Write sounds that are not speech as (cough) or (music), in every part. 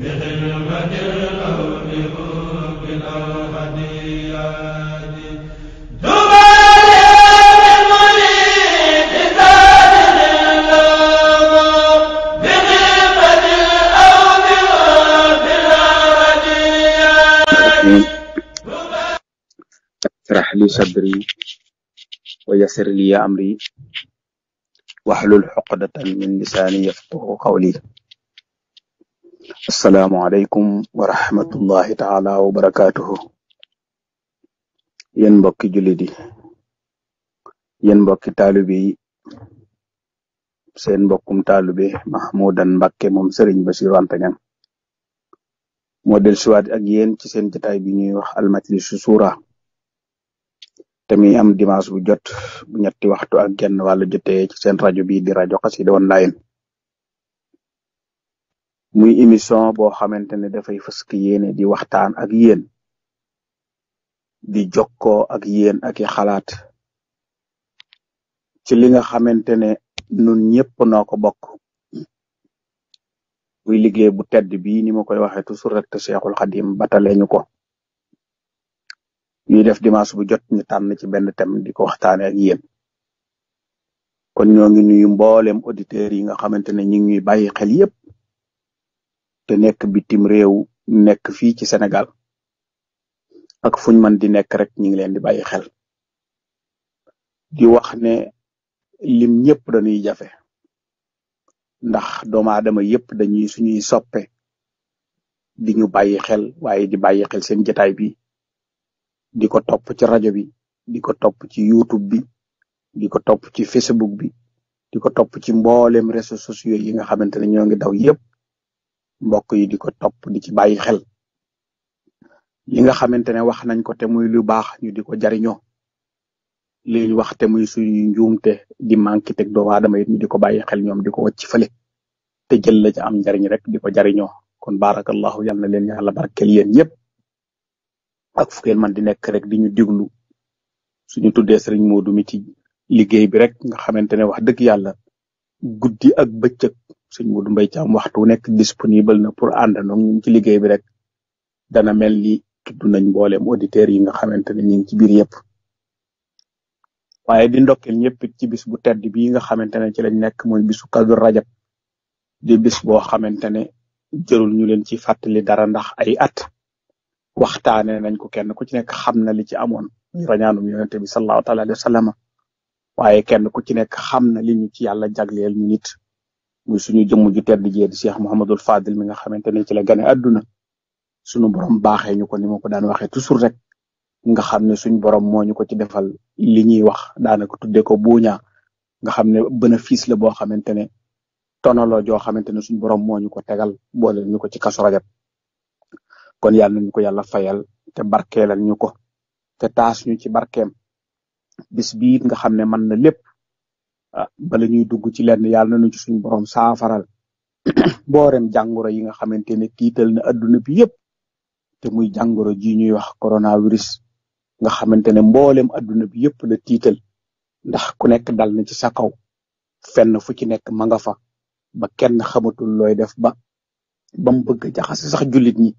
بخدمة القوم حب الأوهديات اشرح لي صدري ويسر لي أمري واحلل حقدة من لساني يفقه قولي asalaamualeykum wa rahmatullahi taala wa barakaatuhu yéen mbokki jullit yi yéen mbokki seen mbokkum taalibe Mahmoudan Mbacke moom Serigne Bassirou Anta Niang moo del siwaat ak yéen ci seen jotaay bi ñuy wax almajlisu suura te muy am dimanche bu jot bu ñetti waxtu ak genn wàllu jotee ci seen rajo bi di rajo Xassida Online muy émission boo xamante ne dafay fësk yéene di waxtaan ak yéen di jokkoo ak yéen ak i xalaat ci li nga xamante ne nun ñëpp noo ko bokk muy liggéey bu tedd bi ni ma koy waxee toujours rek te Cheikhul Xadim bataleñu ko ñuy def dimanche bu jot ñu tànn ci benn thème di ko waxtaane ak yéen kon ñoo ngi nuyu mboolem auditeurs yi nga xamante ne ñu ngi ñuy bàyyi xel yépp te nek bitim rew nek fi ci senegal ak fuñ man di nek rek ñi ngi leen di bayyi xel di wax ne lim ñepp dañuy jafe ndax dooma adama yépp dañuy suñuy soppe di ñu bayyi xel waaye di bayyi xel seen jotaay bi di ko topp ci rajo bi di ko topp ci youtube bi di ko topp ci facebook bi di ko topp ci mboolem réseaux sociaux yi nga xamante ne ñoo ngi daw yépp mbokk yi di ko topp di ci bàyyi xel li nga xamante ne wax nañ ko te muy lu baax ñu di ko jariñoo li ñu wax te muy suñu njuumte di manqué teg doomu aadama yi ñu di ko bàyyi xel ñoom di ko wacc fële te jël la ci am njariñ rek di ko jariñoo kon barakallahu yal na leen yàlla barkel yéen yépp ak fu man di nekk rek di ñu diglu suñu tuddee sëriñ Modou mi ci liggéey bi rek nga xamante ne wax dëgg yàlla guddi ak bëccëg sëñ Modou Mbaye Thiam waxtu nekk disponible na pour ànd ak ñun ci liggéey bi rek dana mel ni tudd nañ mboolem auditeurs yi nga xamante ne ñu ngi ci biir yëpp. waaye di ndokkeel ñëpp ci bis bu tedd bii nga xamante ne ci lañ nekk mooy bisu Kazu Rajab di bis boo xamante ne jërul ñu leen ci fàttali dara ndax ay at waxtaane nañ ko kenn ku ci nekk xam na li ci amoon muy rañaanum yonente bi sallallahu taala alayhi wa sallam kenn ku ci nekk xam na li ci yàlla jagleel ñu muy suñu jëmm ju tedd jee di Cheikh Mouhamadul Fadil mi nga xamante ne ci la gane àdduna suñu borom baaxee ñu ko ni ma ko daan waxee toujours rek nga xam ne suñu borom moo ñu ko ci defal li ñuy wax daanaka tuddee ko buuñaa nga xam ne bénéfice la boo xamante ne tonaloo joo xamante ne suñu borom moo ñu ko tegal boole ñu ko ci kaso kon yàlla nañu ko yàlla fayal te barkeelal ñu ko te taas ñu ci barkeem bis biit nga xam ne mën na lépp. bala ñuy dugg ci lenn yalla nañu ci suñu borom saafaral (clears throat) boorem jangoro yi nga xamantene tital na aduna bi yépp te muy jangoro ji ñuy wax coronavirus nga xamantene mbolem aduna bi yépp la tital ndax ku nekk dal na ci sa kaw fenn fu ci nekk ma nga fa ba kenn xamatul looy def ba bam bëgg jaxasi sax julit ñi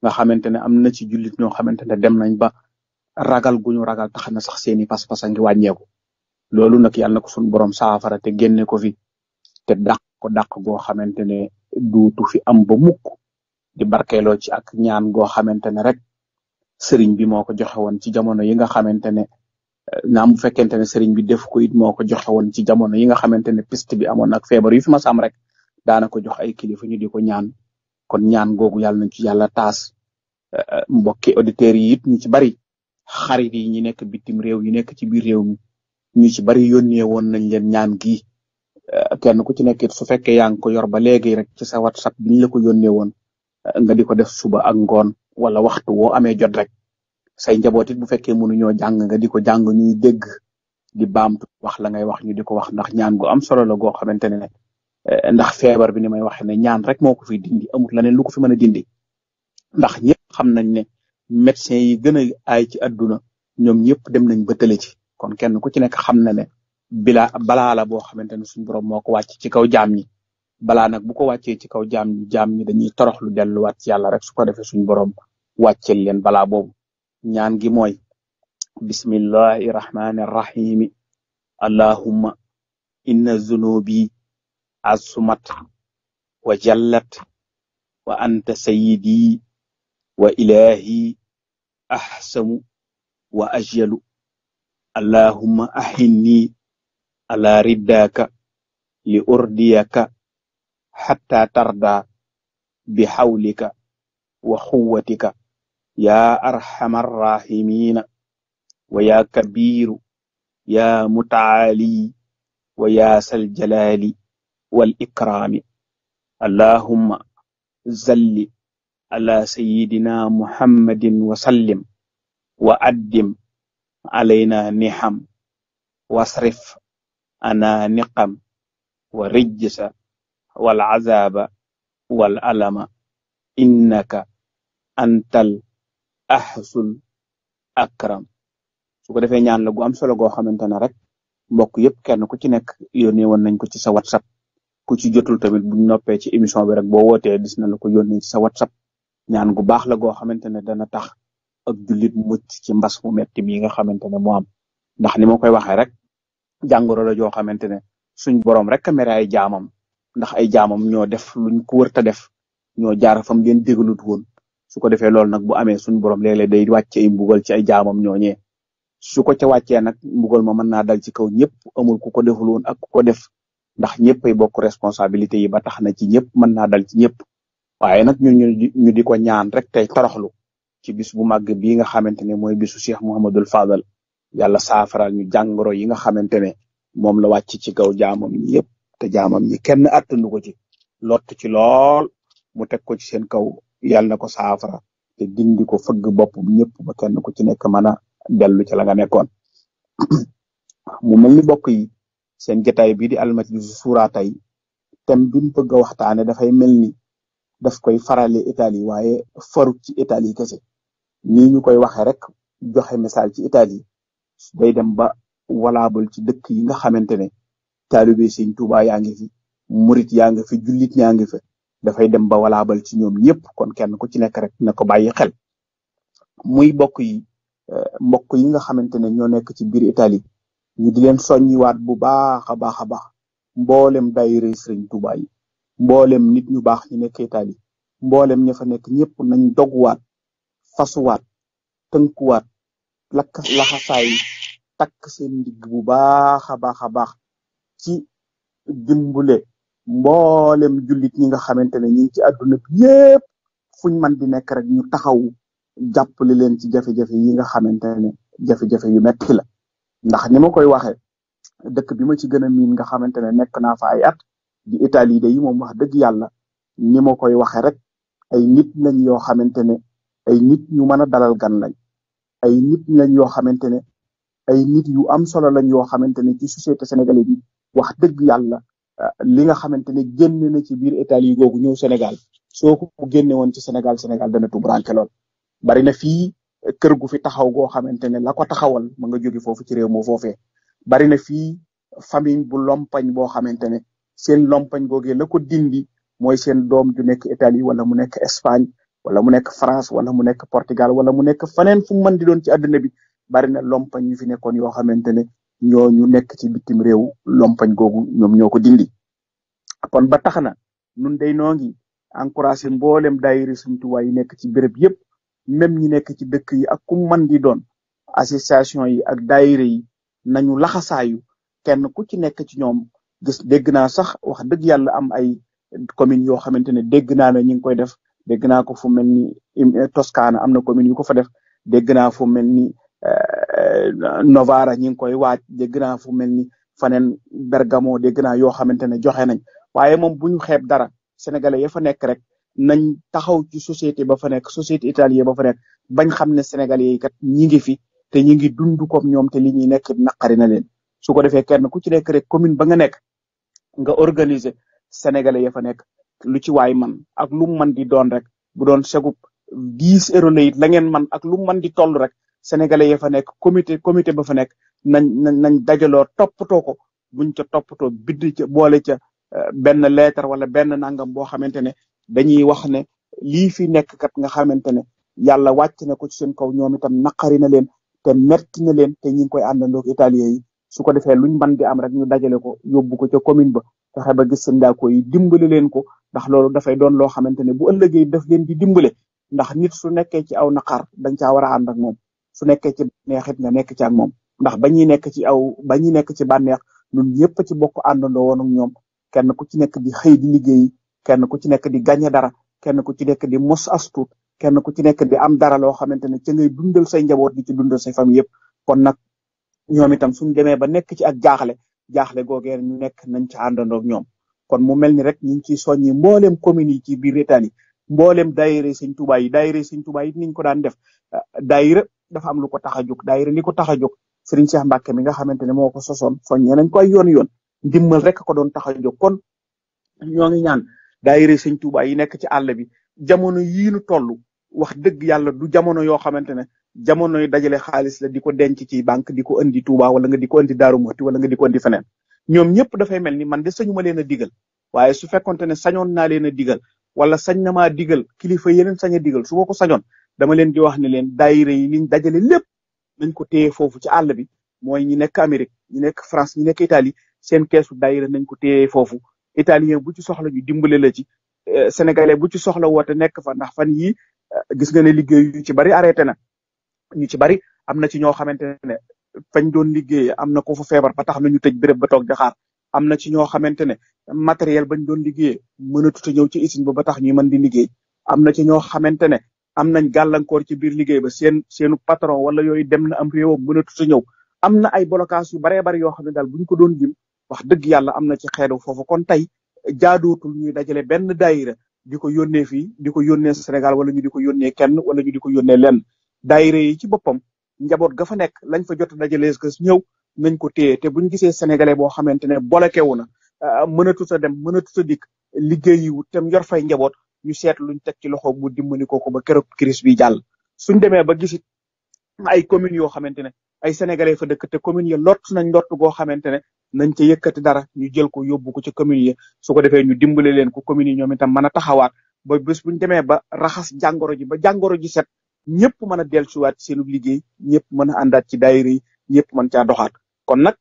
nga xamantene am na ci julit ñoo xamantene dem nañ ba ragal guñu ragal tax sax seeni pas-pas loolu nag yàlla ko suñu borom saafara te génne ko fi te dàq ko dàq goo xamante ne duutu fi am ba mukk di barkeeloo ci ak ñaan goo xamante ne rek sëriñ bi moo ko joxe woon ci jamono yi nga xamante ne eh, naam bu fekkente ne sëriñ bi def ko it moo ko joxe woon ci jamono yi nga xamante ne piste bi amoon feebar yu fi ma sam rek daana jox ay kilifa ñu di ko ñaan kon ñaan googu yàlla nañ ci yàlla taas eh, eh, mbokki auditeurs yi it ci bari xarit yi ñi nekk bitim réew yi nekk ci biir réew mi ñu ci bari yónnee woon nañ leen ñaan gi euh, kenn ku ci nekk su fekkee yaa ngi ko yor ba léegi rek ci sa whatsapp bi ñu la ko yónnee woon euh, nga di ko def suba ak ngoon wala waxtu woo amee jot rek say njaboot it bu fekkee mënuñoo jàng nga di ko jàng ñuy dégg di baamtu wax la ngay wax ñu di ko wax ndax ñaan gu am solo la goo xamante ne euh, ndax feebar bi ni may waxee ne ñaan rek moo ko fi dindi amul leneen lu ko fi mën a dindi ndax ñëpp xam nañ ne médecin yi gën a aay ci àdduna ñoom ñëpp dem nañ ba tële ci kon kenn ku ci nekk xam na ne bila balaa la boo xamante ne suñu borom moo ko wàcc ci kaw jaam ñi balaa nag bu ko wàccee ci kaw jaam ñi jaam ñi dañuy toroxlu delluwaat ci yàlla rek su ko defee suñu borom wàccel leen balaa boobu ñaan gi mooy bismillahi rahmani rahimi allahumma inna zunubi azumat wa jallat wa anta sayidi wa ilahi ahsamu wa ajyalu اللهم أحني على رداك لأرديك حتى ترضى بحولك وقوتك يا أرحم الراحمين ويا كبير يا متعالي ويا الجلال والإكرام اللهم زل على سيدنا محمد وسلم وأدم علينا نحم واصرف أنا نقم والرجس والعذاب wala إنك أنت الأحسن أكرم su ko defee ñaan la gu am solo goo xamante ne rek mbokk yëpp kenn ku ci nekk yónnee woon nañ ko ci sa whatsapp ku ci jotul tamit buñ noppee ci émission bi rek boo wootee gis na la ko yónnee ci sa ñaan gu baax la goo xamante ne dana tax ab jullit mucc ci mbas mu metti mi nga xamante ne moo am ndax ni ma koy waxee rek jàngoro la joo xamante ne suñ borom rek a mere ay jaamam ndax ay jaamam ñoo def luñ ko ta def ñoo jaar fam leen déglut woon su ko defee loolu nag bu amee suñ borom léeg-léeg day wàcce ay mbugal ci ay jaamam ñooñee su ko ca wàccee nag mbugal ma mën naa dal ci kaw ñëpp amul ku ko deful woon ak ku ko def ndax ñëpp ay bokk responsabilité yi ba tax na ci ñëpp mën naa dal ci ñëpp waaye nag ñu di ko ñaan rek tey toroxlu ci bis bu màgg bii nga xamante ne mooy bisu Cheikh Mouhamadul Fadal yàlla saafaraal ñu jàngoro yi nga xamante ne moom la wàcc ci kaw jaamam yëpp te jaamam ñi kenn attanu ko ci lott ci lool mu teg ko ci seen kaw yàlla na ko saafara dindi ko fëgg bopp ñëpp ba kenn ku ci nekk mën a dellu ci la nekkoon mu mel ni bokk yi seen jotaay bii di almajlisu suura tey thème bi bëgg a waxtaane dafay mel ni daf koy farale Italie waaye farut ci Italie kese nii ñu koy waxee rek joxe misaal ci Italie day dem ba walaabal ci dëkk yi nga xamante ne taalibe sëñ Tuubaa yaa ngi fi murit yaa ngi fi jullit yaa ngi fi dafay dem ba walaabal ci ñoom ñëpp kon kenn ku ci nekk rek na ko bàyyi xel muy bokk yi eh, mbokk yi nga xamante ne ñoo nekk ci biir Italie ñu di leen soññiwaat bu baax a baax a baax mboolem daayira sëñ Tuubaa yi mboolem nit ñu baax ñu nekk Italie mboolem ña fa nekk ñëpp nañ doguwaat fasuwaat tënkuwaat lakk laxasaay takk seen ndigg bu baax a baax a baax ci dimbule mboolem jullit ñi nga xamante ne ñi ci àdduna bi yépp fuñ man di nekk rek ñu taxaw jàppale leen ci jafe-jafe yi nga xamante ne jafe-jafe yu metti la ndax ni ma koy waxee dëkk bi ma ci gën a miin nga xamante ne nekk naa fa ay at di Italie de yi moom wax dëgg yàlla ni koy waxe rek ay nit nañ yoo xamante ne ay nit ñu mën a dalal gan lañ ay nit lañ yoo xamante ne ay nit yu am solo lañ yoo xamante ne ci société sénégalaise bi wax dëgg yàlla euh, li nga xamante ne génn na ci biir Italie googu ñëw Sénégal soo ko génne woon ci Sénégal Sénégal dana tubranke lool bari na fii euh, kër gu fi taxaw goo xamante ne la ko taxawal ma nga jóge foofu ci réew moo foofee bari na fii famille bu lompañ boo xamante ne seen lompañ googee la ko dindi mooy seen doom ju nekk Italie wala mu nekk Espagne wala mu nekk France wala mu nekk Portugal wala mu nekk faneen fu mu mën di doon ci àdduna bi bari na lompañ ñu fi nekkoon yoo xamante ne ñu nekk ci bitim réew lompañ googu ñoom ñoo ko dindi kon ba tax na nun day noo ngi encouragé mboolem daayira Sëriñ Tuubaa yi nekk ci béréb yépp même ñi nekk ci dëkk yi ak ku mën doon association yi ak daayira yi nañu laxasaayu kenn ku ci nekk ci ñoom gis dégg naa sax wax dëgg yàlla am ay communes yoo xamante ne dégg naa ne ñu ngi koy def dégg naa ko fu mel ni eh, Toscana am na commune yu ko fa def dégg naa fu mel ni eh, Novara ñi ngi koy waaj dégg naa fu mel ni faneen Bergamo dégg naa yoo xamante ne joxe nañ waaye moom bu ñu xeeb dara sénégalais ya fa nekk rek nañ taxaw ci société ba fa nekk société italienne ba fa nekk bañ xam ne sénégalais yi kat ñi ngi fi te ñi ngi dund comme ñoom te li ñuy nekk naqari na leen su ko defee kenn ku ci nekk rek commune ba nga nekk nga organiser sénégalais ya fa nekk lu ci waay man ak lu mu mën di doon rek bu doon segub dix euros la it la ngeen man ak lu mu mën di toll rek sénégalais ya fa nekk comité comité ba fa nekk nañ nañ nañ dajaloo toppatoo ko buñ ca toppatoo bind ca boole ca euh, benn lettre wala benn nangam boo xamante ne dañuy wax ne lii fi nekk nga xamante ne yàlla wàcc na ko ci seen kaw ñoom itam naqari na leen te metti na leen te ñu ngi koy àndandoog italien yi su ko defee luñ mën di am rek ñu dajale ko yóbbu ko ca commune ba fexe ba gis sëñ daako yi dimbale leen ko ndax loolu dafay doon loo xamante ne bu ëllëgee daf leen di dimbale ndax nit su nekkee ci aw naqar dañ caa war a ànd ak moom su nekkee ci neexit nga nekk ci ak moom ndax ba ñuy nekk ci aw ba ñuy nekk ci bànneex ñun ñëpp ci bokk àndandoo woon ñoom kenn ku ci nekk di xëy di liggéey kenn ku ci nekk di gañe dara kenn ku ci nekk di mos astuut kenn ku ci nekk di am dara loo xamante ne ca ngay dundal say njaboot di ci dundal say famille yëpp ñoom itam suñ demee ba nekk ci ak jaaxle jaaxle googee ñu nekk nañ ci àndandoog ñoom kon mu mel ni rek ñu ngi ciy soññi mbooleem communes yi ci biir Italie mbooleem daayira sëñ Tuubaa yi daayira sëñ Tuubaa yi niñ ko daan def ah, daayira dafa am lu ko tax a jóg daayira li ko tax a jóg Sëriñ Cheikh Mbacke mi nga xamante ne moo ko sosoon soññee nañ ko ay yoon yoon ndimbal rek ko doon tax a kon ñoo ngi ñaan daayira sëñ Tuubaa yi nekk ci àll bi jamono yii nu toll wax dëgg yàlla du jamono yoo xamante ne jamonoy dajale xaalis la di ko denc ci banque di ko andi Touba wala nga di ko andi Daaru Muxti wala nga di ko andi feneen ñoom ñëpp dafay mel ni man de sañu ma leen a digal waaye su fekkonte ne sañoon naa leen a digal wala sañ na maa digal kilifa yeneen sañ a digal su ma ko sañoon dama leen di wax ne leen daayira yi liñ dajale lépp nañ ko téye foofu ci àll bi mooy ñi nekk Amérique ñi nekk France ñi nekk Italie seen keesu daayira nañ ko téye foofu italien bu ci soxla ñu dimbale la ci eh, sénégalais bu ci soxla woote nekk fa ndax fan yii eh, gis nga ne liggéey ci bari arrêté na ñu ci bari am na ci ñoo xamante ne fañ doon liggéey am na ko fa feebar ba tax na ñu tëj béréb ba toog di xaar am na ci ñoo xamante ne matériel bañ doon liggéey mënatut a ñëw ci usine ba ba tax ñuy mën di liggéey am na ci ñoo xamante ne am nañ gàllankoor ci biir liggéey ba seen seenu patron wala yooyu dem na am wo mënatut a ñëw am na ay blocage yu baree bari yoo xam ne daal bu ñu ko doon lim wax dëgg yàlla am na ci xeetu foofu kon tey jaadootul ñuy dajale benn daayira di ko yónnee fii di ko yónnee Sénégal wala ñu di ko yónnee kenn wala ñu di ko yónnee lenn dayre yi ci boppam njaboot ga fa nekk lañ fa jot a dajalees ko ñëw nañ ko téye te buñ gisee sénégalais boo xamante ne bolokewu na ah, mënatut a dem mënatu sa dikk liggéey wu te yor fay njaboot ñu seet luñ teg ci loxo bu dimbali ko ko ba keroog crise bi jàll suñ demee ba gisit ay communes yoo xamante ne ay sénégalais fa dëkk te communes ya lott nañ lott goo xamante ne nañ ca yëkkati dara ñu jël ko yóbbu ko ci communes yi su ko defee ñu dimbale leen ko communes yi ñoom itam mën a taxawaat ba bés buñ demee ba raxas jàngoro ji ba jàngoro ji set ñëpp mën a dellusiwaat seenu liggéey ñëpp mën a àndaat ci daayira yi ñëpp mën caa doxaat kon nag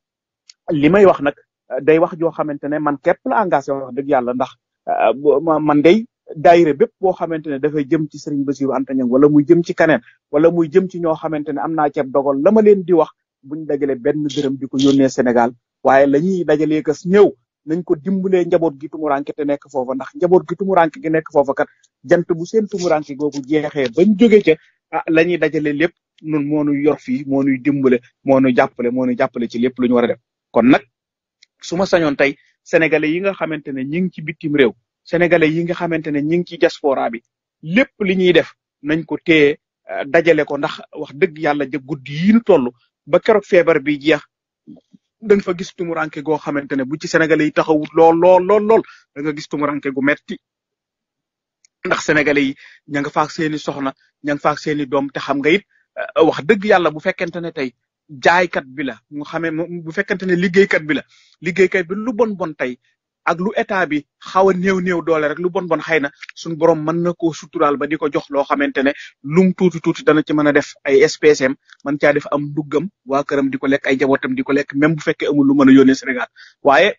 li may wax nag euh, day wax joo xamante ne man képp la engagé wax dëgg yàlla ndax euh, man dey daayira bépp boo xamante ne dafay jëm ci Serigne Bassirou Anta Niang wala muy jëm ci kaneen wala muy jëm ci ñoo xamante ne am naa ceeb dogal la leen di wax buñ dajale benn dërëm di ko yónnee Sénégal waaye la ñuy dajalee kas ñëw nañ ko dimbalee njaboot gi tumuranke te nekk foofa ndax njaboot gi tumuranke gi nekk foofa kat jant bu seen tumuranke googu jeexee ah la ñuy dajale lépp nun moo nu yor fii moo nuy dimbale moo nu jàppale moo nu jàppale ci lépp lu ñu war a def kon nag su ma sañoon tey sénégalais yi nga xamante ne ñi ngi ci bitim réew sénégalais yi nga xamante ne ñi ngi ci diaspora bi lépp li ñuy def nañ ko téye eh, dajale ko ndax wax dëgg yàlla ja guddi yi ñu toll ba keroog feebar bi jeex da fa gis tumuranke goo xamante ne bu ci sénégalais yi taxawut lool lool nga gis tumuranke gu metti ndax sénégalais yi ña nga faak seeni soxna ña nga faak seeni doom te xam nga it euh, wax dëgg yàlla bu fekkente ne tey jaaykat bi la mu xamee bu fekkente ne liggéeykat bi la liggéeykat bi lu bon bon tey ak lu état bi xaw a néew néew doole rek lu bon bon xëy na suñu borom mën na koo suturaal ba di ko jox xamante ne lum tuuti tuuti dana ci mën a def ay SPCM man caa def am nduggam waa këram di ko lekk ay jabootam di ko lekk même bu fekkee amul lu mën a yónnee Sénégal waaye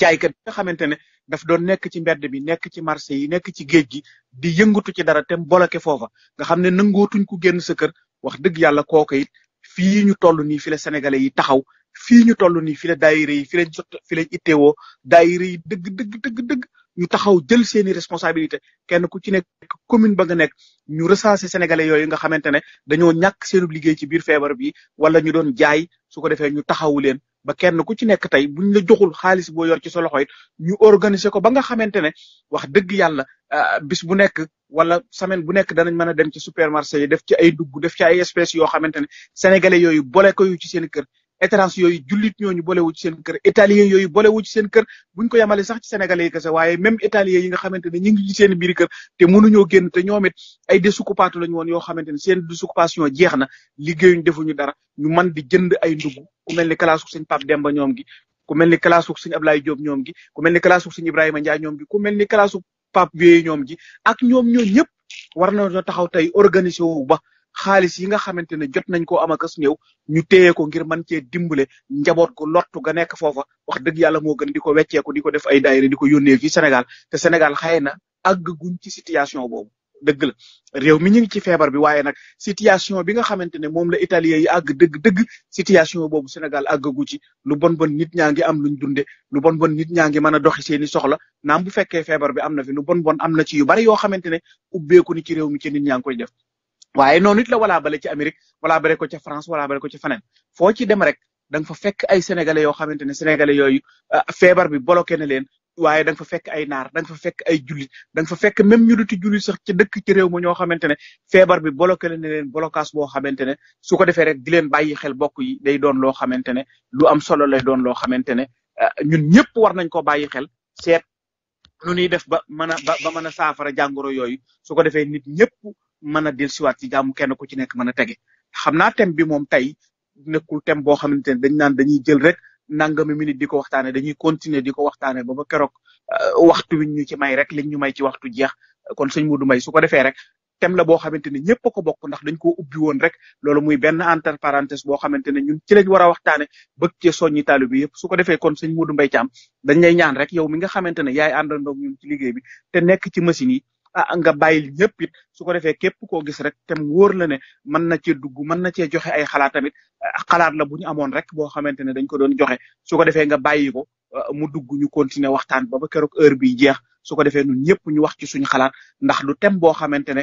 jaaykat bi nga xamante daf doon nekk ci mbedd bi nekk ci marché yi nekk ci géej gi di yëngatu ci dara tem boloke foofa nga xam ne nangootuñ ku génn sa kër wax dëgg yàlla kooku it fii ñu toll nii fi la sénégalais yi taxaw fii ñu toll nii fi la daayira yi fi lañ sot fi lañ itteewoo daayira yi dëgg dëgg ñu taxaw jël seeni responsabilité kenn ku ci nekk commune ba nga nekk ñu recensé sénégalais yooyu nga xamante ne dañoo ñàkk seenub liggéey ci biir feebar bi wala ñu doon jaay su ko defee ñu taxawu leen ba kenn ku ci nekk tey buñ la joxul xaalis boo yor ci sa loxo it ñu organiser ko ba nga xamante ne wax dëgg yàlla ah, bis bu nekk wala semaine bu nekk danañ mën a dem ci supermarché yi def ci ay dugg def ci ay espèces yoo xamante ne sénégalais yooyu boole ko yu ci seen kër étrangers yooyu julit ñooñu bolewu ci seen kër italiens yooyu bolewu ci seen kër buñ ko yemale sax ci sénégalais yi kese waaye même italiens yi nga xamante ne ñu ngi ci seen biir kër te mënuñoo génn te ñoom it ay desukkupaatu lañu woon yoo xamante ne seen desoccupation jeex na liggéeyuñ defuñu dara ñu man di jënd ay ndugg ku mel ni kalaasu sëñ Pape Demba ñoom gi ku mel ni kalaasu sëñ Ablaye Diop ñoom gi ku mel ni kalaasu sëñ Ibrahima Ndiaye ñoom gi ku mel ni kalaasu Pape Vieux ñoom gi ak ñoom ñoo ñëpp war nañoo taxaw tey organiser wu ba xaalis yi nga xamante ne jot nañ koo am ak as néew ñu téye ko ngir mën cee dimbale njaboot gu lottu ga nekk foofa wax dëgg yàlla moo gën di ko wecceeku di ko def ay daayira di ko yónnee fii Sénégal te Sénégal xëy na àgg guñ ci situation boobu dëgg la réew mi ñu ngi ci feebar bi waaye nag situation bi nga xamante ne moom la italien yi ag dëgg-dëgg situation boobu Sénégal àggagu ci lu bon bon nit ñaa ngi am luñ dunde lu bon bon nit ñaa ngi mën a doxi seeni soxla naam bu fekkee feebar bi am na fi lu bon bon am na ci yu bari yoo xamante ne ubbeeku ni ci réew mi ci nit ñaa ngi koy def waaye noonu it la walaa bale ci Amérique walaa bale ko ca France walaa bale ko ca feneen foo ci dem rek da nga fa fekk ay sénégalais yoo xamante ne sénégalais yooyu ah, feebar bi bloqué na leen waaye da nga fa fekk ay naar da nga fekk ay jullit da fa fekk même ñu duti sax ci dëkk ci réew ma ñoo xamante ne feebar bi bloqué na leen blocage boo xamante ne su ko defee rek leen bàyyi xel bokk yi day doon loo xamante ne lu am solo lay doon loo xamante ne ah, ñun ñëpp war nañ ko bàyyi xel seet nu ñuy def ba mën a ba mën a saafara jàngoro yooyu su ko defee nit ñëpp mën a dellusiwaat ci jàmm kenn ku ci nekk mën a tege xam naa thème bi moom tey nekkul thème boo xamante ne dañ naan dañuy jël rek nangami minute di ko waxtaanee dañuy continuer di ko waxtaanee ba ba keroog euh, waxtu wi ñu ci may rek liñ ñu may ci waxtu jeex kon sëñ Modou Mbaye su ko defee rek thème la boo xamante ne ñëpp ko bokk ndax dañ koo ubbi woon rek loolu muy benn entre parenthèse boo xamante ne ci lañ war waxtaanee bëgg cee soññi taalu bi yëpp su ko defee kon sëñ Modou Mbaye Thiam dañ lay ñaan rek yow mi nga xamante ne yaay àndandoo ñun ci liggéey bi te nekk ci machine yi nga bàyyil ñëpp it su ko defee képp koo gis rek tem wóor la ne mën na cee dugg mën na cee joxe ay xalaat tamit xalaat la bu ñu amoon rek boo xamante ne dañ ko doon joxe su ko defee nga bàyyi ko mu dugg ñu continuer waxtaan ba ba keroog heure bi jeex su ko defee ñun ñëpp ñu wax ci suñu xalaat ndax lu tem boo xamante ne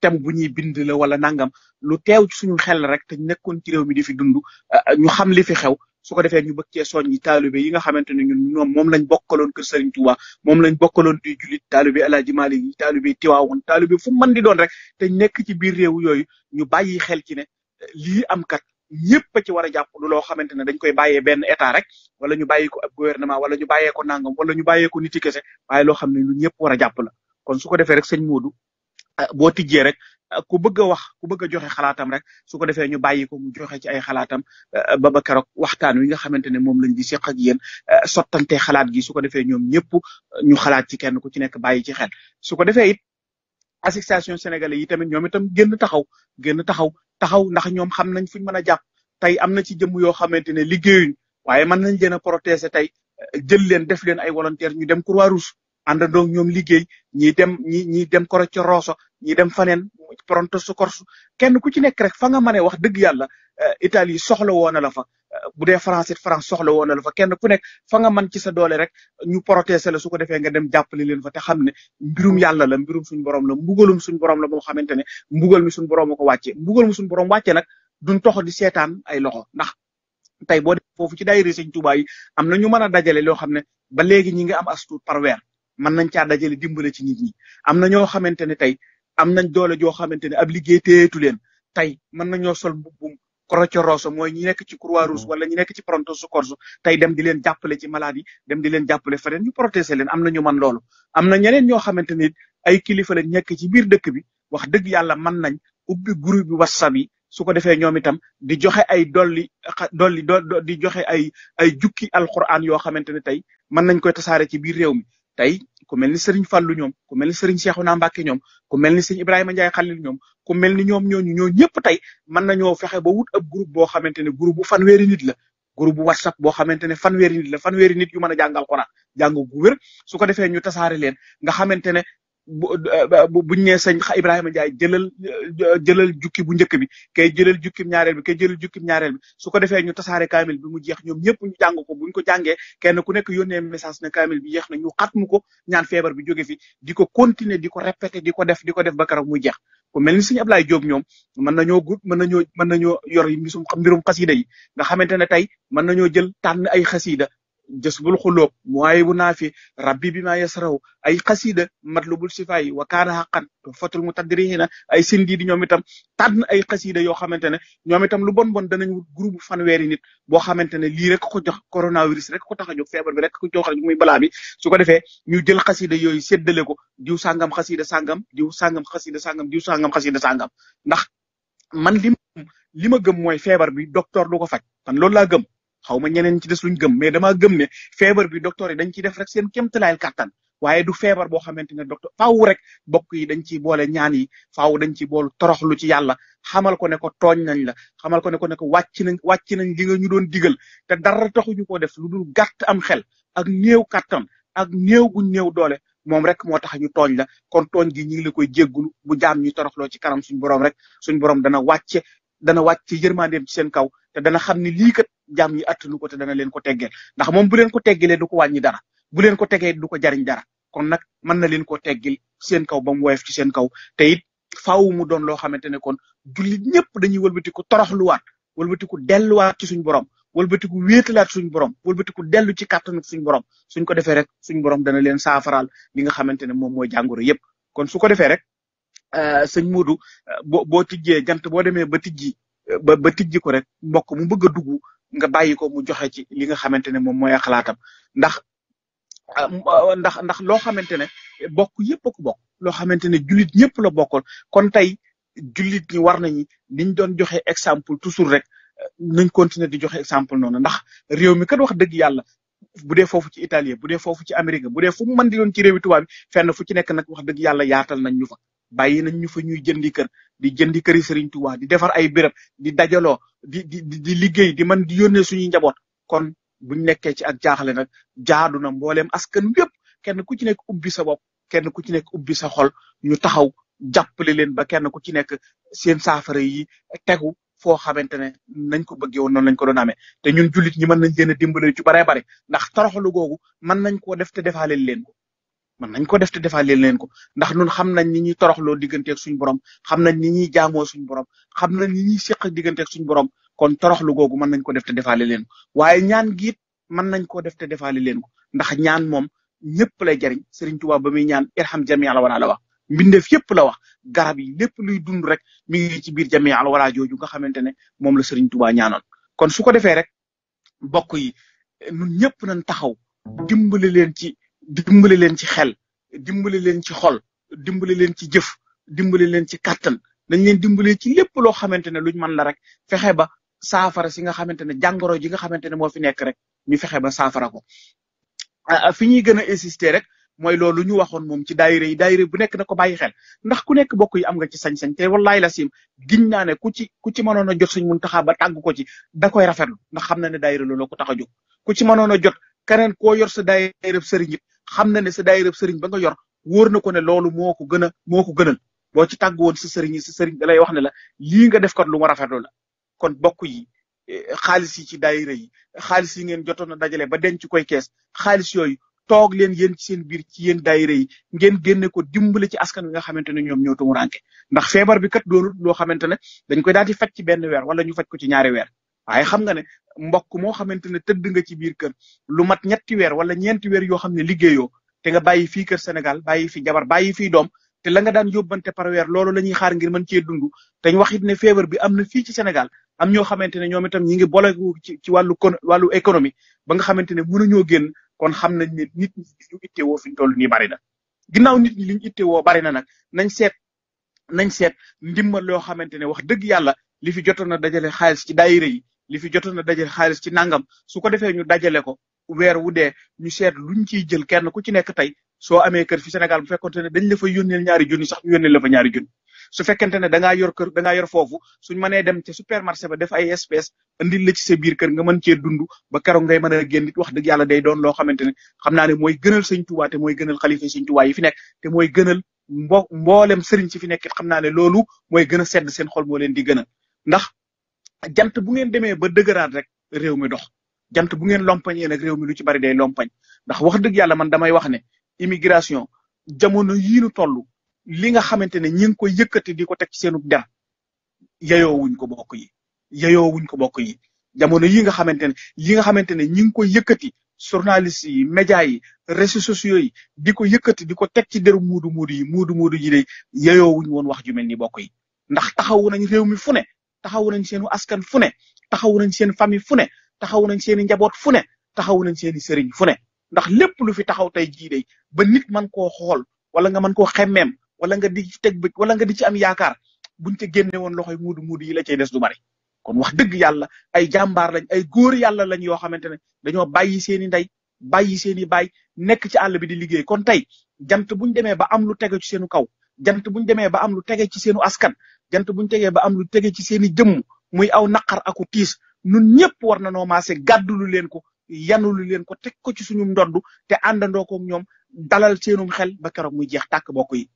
tem bu ñuy bind la wala nangam lu teew ci suñu xel rek te nekkoon ci réew mi di fi dund ñu xam li fi xew su ko defee ñu bëgg cee soññi taalibe yi nga xamante ne ñun ñoom moom lañ bokkaloon kër Serigne Touba moom lañ bokkaloon di julit taalibe El Hadj Malick yi taalibe Tiwaawoon taalibe fu mën di doon rek te nekk ci biir réew yooyu ñu bàyyi xel ci ne eh, lii am kat ñëpp a ci war a jàpp du loo xamante ne dañ koy bàyyee benn état rek wala ñu bàyyi ko ab gouvernement wala ñu bàyyee ko nangam wala ñu bàyyee ko niti kese waaye loo xam ne lu ñëpp war a jàpp la kon su ko defee rek sëñ Modou ah, boo tijjee rek Euh, ku bëgg a wax ku bëgg a joxe xalaatam rek su ko defee ñu bàyyi ko mu joxe ci ay xalaatam euh, ba ba keroog waxtaan wi nga xamante ne moom lañ di seq ak yéen euh, sottante xalaat gi su ko defee ñoom ñëpp ñu xalaat ci kenn ku ci nekk bàyyi ci xel su ko defee it association sénégalais yi tamit ñoom itam génn taxaw génn taxaw taxaw ndax ñoom xam nañ fuñ mën a jàpp tey am na ci jëmm yoo xamante ne liggéeyuñ waaye mën nañ leen a protéger tey jël leen def leen ay volontaire ñu dem Croix-Rouge àndandoo ñoom liggéey ñi dem ñi ñi dem Koroco Roso ñi dem faneen Poronto Soccorso kenn ku ci nekk rek fa nga mën a wax dëgg yàlla eh, Italie soxla woon na la fa eh, bu dee France it France soxla woon na la fa kenn ku nekk fa nga man ci sa doole rek ñu protéger la su ko defee nga dem jàppale leen fa te xam ne mbirum yàlla la mbirum suñu borom la mbugalum suñu borom la moo xamante ne mbugal mi suñu borom a ko wàccee mbugal mi suñu borom wàccee nag duñ di seetaan ay loxo ndax. tey bo def foofu ci daayira sëñ Tuubaa yi am na ñu mën a dajale man nañ caa dajale dimbalé ci nit ñi am na ñoo tay. ne am nañ doole jo xamante len ab liggéey téyeetu leen tey mën nañoo sol mbubbum crocorroso mooy ñi nekk ci croix rouge wala ñi nekk ci pronto soccorso tay dem di leen jappalé ci maladie dem di leen jappalé feneen ñu protéger leen am na ñu man loolu am na ñeneen ñoo xamante ay kilifa la ñek ci biir dëkk bi wax dëgg yàlla man nañ ubbi groupe bi whatsapp yi su ko itam di joxe ay dolli dolli di joxe ay ay jukki alquran yoo xamante ne tey mën nañ koy tasaare ci biir réew mi tey ku mel ni Serigne Fallou ñoom ku mel ni Serigne Cheikhouna Mbacké ñoom ku mel ni Serigne Ibrahima Ndiaye Khalil ñoom ku mel ni ñoom ñooñu ñoo ñëpp tey mën nañoo fexe ba wut a groupe boo xamante ne groupe bu fanweeri nit la groupe bu whatsapp boo xamante ne fanweeri nit la fanweeri nit yu mën a jàngal Alxuraan jàng gu su ko defee ñu tasaare leen nga xamante ne Eh, bu buñ nee xa Ibrahima Ndiaye jëlal eh, jëlal jukki bu njëkk bi kay jëlal jukkim ñaareel bi kay jëlal jukkim ñaareel bi su ko defee ñu tasaare kaamil bi mu jeex ñoom ñëpp ñu ko buñ ko jàngee kenn ku nekk yónnee message ne kaamil bi jeex na ñu xatmu ko ñaan feebar bi jóge fi di ko continuer di ko répéter di ko def di ko def ba keroog mu jeex ku mel ni sëñ Ablaye Diop ñoom mën nañoo gudd mën nañoo mën nañoo yor mbirum mbirum xasida yi nga xamante ne tey mën nañoo jël tànn ay xasida جسب القلوب موايب نافي ربي بما يسره اي قصيده مطلوب الشفاء وكان حقا تحفه المتدرين اي سندي di ñoom itam tànn ay xasida yoo xamante ne ñoom itam lu bon bon danañ wut groupe fanweeri nit boo xamante ne lii rek ko jox coronavirus rek ko tax a jóg feebar bi rek ko jox muy balaa bi su ko defee ñu jël xasida yooyu séddale ko diw sàngam xasida sàngam diw sàngam xasida sàngam diw sàngam xasida sàngam ndax man li li ma gëm mooy feebar bi docteur du ko faj man loolu laa gëm xaw ma ñeneen ci des luñ gëm mais damaa gëm ne feebar bi docteur yi dañ ciy def rek seen kéemtalaayal kàttan waaye du feebar boo xamante ne docteur faaw rek bokk yi dañ ciy boole ñaan yi faaw dañ ciy bool toroxlu ci yàlla xamal ko ne ko tooñ nañ la xamal ko ne ko ne ko wàcc nañ wàcc nañ li nga ñu doon digal te dara taxuñu ko def lu dul gàtt am xel ak néew kàttan ak néew gu néew doole moom rek moo tax ñu tooñ la kon tooñ gi ñu ngi la koy jéggulu bu jaam ñi toroxloo ci kanam suñu borom rek suñu borom dana wàcce dana wàcce ci seen kaw te dana xam ne jaam yi attanu ko te dana leen ko teggeel ndax moom bu leen ko teggelee du ko wàññi dara bu leen ko tegee du ko jariñ dara kon nag mën na leen ko teggil seen kaw ba mu woyof ci seen kaw te it faaw mu doon loo xamante ne kon jullit ñëpp dañuy wëlbatiku toroxluwaat wëlbatiku delluwaat ci suñ borom wëlbatiku wéetalaat suñ borom wëlbatiku dellu ci kàttanu suñ borom suñ ko defee rek suñ borom dana leen saafaraal li nga xamante ne moom mooy jàngoro yëpp kon su ko defee rek euh, sëñ Modou euh, boo boo tijjee jant boo demee ba tijji euh, ba ba tijji ko rek mbokk mu bëgg a dugg nga bàyyi ko mu joxe ci li nga xamante ne moom mooy xalaatam ndax ah, ndax ndax loo xamante ne bokk yëpp a bokk loo xamante ne jullit ñëpp la bokkoon kon tey jullit ñi war nañu niñ doon joxe exemple toujours rek eh, nañ continuer di joxe exemple noonu ndax réew mi kat wax dëgg yàlla bu dee foofu ci Italie bu dee foofu ci Amérique bu dee fu mu mën di doon ci réewi tubaab fenn fu ci nekk nag wax dëgg yàlla yaatal nañ ñu fa bàyyi nañ ñu fa ñuy jëndi kër di jëndi këri Serigne Touba di defar ay béréb di dajaloo di di di liggéey di man di yónnee suñuy njaboot kon buñ nekkee ci ak jaaxle nag jaadu na mbooleem askan yépp kenn ku ci nekk ubbi sa bopp kenn ku ci nekk ubbi sa xol ñu taxaw jàppale leen ba kenn ku ci nekk seen saafara yi tegou foo xamante ne nañ ko bëggee woon noonu ko doon amee te ñun jullit ñi mën nañ leen a dimbale ci bare bare ndax toroxlu googu mën nañ koo def te defaale leen ko man nañ ko def te defalee leen ko ndax nun xam nañ ni ñuy toroxloo digganteeg suñu borom xam nañ ni ñuy jaamoo suñu borom xam nañ ni ñuy seq digganteeg suñu borom kon toroxlu googu mën nañ ko def te defaale leen ko waaye ñaan giit mën nañ koo def te defaale leen ko ndax ñaan moom ñëpp lay jariñ Serigne Touba ba muy ñaan irham jami ala wala la wax mbindeef yëpp la wax garab yi lépp luy dund rek mi ngi ci biir jami ala wala jooju nga xamante ne moom la Serigne Touba kon su ko defee rek mbokk yi nun ñëpp nañ taxaw dimbali leen ci xel dimbali leen ci xol dimbali leen ci jëf dimbali leen ci kàttan dañ leen dimbali ci lépp loo xamante ne luñ mën la rek fexe ba saafara si nga xamante ne jàngoro ji nga xamante ne moo fi nekk rek ñu fexe ba saafara ko a ah, ah, fi ñuy gën a insister rek mooy loolu ñu waxoon moom ci daayira yi daayira bu nekk na ko bàyyi xel ndax ku nekk bokk yi am ga ci sañ-sañ te wallaay la sim giñ naa ne ku ci ku ci mënoon a jot suñ mun taxaa ba tàgg ko ci da koy rafetlu ndax xam na ne daayira looloo ko tax a jóg ku ci mënoon a jot keneen koo yor sa daayira sëriñ it xam na ne sa daayirab sëriñ ba nga yor wóor na ko ne loolu moo ko gën a moo ko gënal boo ci tàgg woon sa sëriñ yi sa da lay wax ne la lii nga def kat lu ma rafetlu la kon bokk yi eh, xaalis yi ci daayira yi xaalis yi ngeen jotoon a dajale ba denc koy kees xaalis yooyu toog leen yéen ci seen biir ci yéen daayira yi ngeen génne ko dimbale ci askan wi nga xamante ne ñoom ñoo tumuranke ndax feebar bi kat doonul loo xamante ne dañ koy daal di faj ci benn weer wala ñu faj ko ci ñaari weer waaye xam nga ne mbokk moo xamante ne tëdd nga ci biir kër lu mat ñetti weer wala ñeenti weer yoo xam ne liggéeyoo te nga bàyyi fii kër Sénégal bàyyi fi jabar bàyyi fii doom te la nga daan yóbbante par weer loolu la ñuy xaar ngir mën cee dund te ñu wax it ne feebar bi am na fii ci Sénégal am ñoo xamante ne ñoom itam ñi ngi boleku ci ci wàllu kon wàllu économie ba nga xamante ne mënuñoo génn kon xam nañ ne nit ñi li ñu ittewoo fi ñu toll nii bari na ginnaaw nit ñi li ñu ittewoo bari na nag nañ seet nañ seet ndimbal loo xamante ne wax dëgg yàlla li fi jotoon na dajale xaalis ci daayira yi li fi jotoon na dajale xaalis ci nangam su ko defee ñu dajale ko weer wu dee ñu seet luñ ciy jël kenn ku ci nekk tey soo amee kër fi Sénégal bu fekkonte ne dañ la fa ñaari junni sax ñu yónneel la ñaari junni su fekkente ne da yor kër da yor foofu suñ mënee dem ca supermarché ba def ay espèces andil la ci sa biir kër nga mën cee dund ba keroog ngay mën a génn wax dëgg yàlla day doon loo xamante ne xam naa ne mooy gënal sëñ te mooy gënal xalifa sëñ Tuubaa yi fi nekk te mooy gënal mbo mboolem sëriñ si fi nekk xam naa ne loolu mooy gën a sedd seen xol moo leen di gën ndax jant bu ngeen demee ba dëgëraat rek réew mi dox jant bu ngeen lompañee nag réew mi lu ci bari day lompañ ndax wax dëgg yàlla man damay wax ne immigration jamono yii nu toll li nga xamante ne ñi ngi ko yëkkati di ko teg ci seenu der yayoowuñ ko bokk yi yayoowuñ ko bokk yi jamono yi nga xamante ne yi nga xamante ne ñi ngi ko yëkkati journaliste yi média yi réseaux sociaux yi di ko yëkkati di ko teg ci deru muudu muudu yi muudu muudu yi de yayoowuñ woon wax ju mel ni bokk yi ndax taxawu nañ réew mi fu taxaw nañ seenu askan fu ne taxawu nañ seen famille fu ne taxawu nañ seeni njaboot fu ne taxawu nañ seeni sëriñ fu ne ndax lépp lu fi taxaw tey jii ba nit man koo xool wala nga mën koo xemmeem wala nga dig ci teg bët wala nga di ci am yaakaar buñ ca génne woon loxoy muudu muudu yi la cay des du bari kon wax dëgg yàlla ay jàmbaar lañ ay góor yàlla lañ yoo xamante ne dañoo bàyyi seeni ndey bàyyi seeni baay nekk ci àll bi di liggéey kon tey jant buñ demee ba am lu tege ci seenu kaw jant buñ demee ba am lu ci seenu askan jant buñ tegee ba am lu tege ci seen i jëmm muy aw naqar aku tiis nun ñëpp war na noo maase gàddulu leen ko yanulu leen ko teg ko ci suñu ndoddu te àndandoo ko ñoom dalal seenum xel ba keroog muy jeex tàkk bokk yi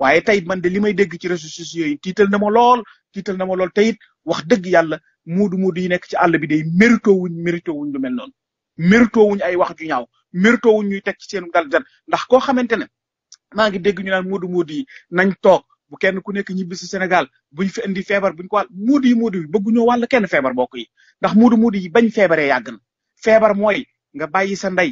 waaye tey man de li may dégg ci réseaux sociaux yi tiital na ma lool tiital na ma lool te wax dëgg yàlla muudu muudu yi nekk ci àll bi day mérito wuñ mérito wuñ lu mel noonu mérito wuñ ay wax ju ñaaw mérito wuñ ñuy teg ci seenum dal jar ndax koo xamante ne maa ngi dégg ñu naan muudu muudu yi nañ toog bu kenn ku nekk ñibbi si Sénégal buñ fi indi feebar buñ ko wàll muudu yi muudu yi bëgguñoo wàll kenn feebar bokk yi ndax muudu muudu yi bañ feebaree yàgg na feebar mooy nga bàyyi sa ndey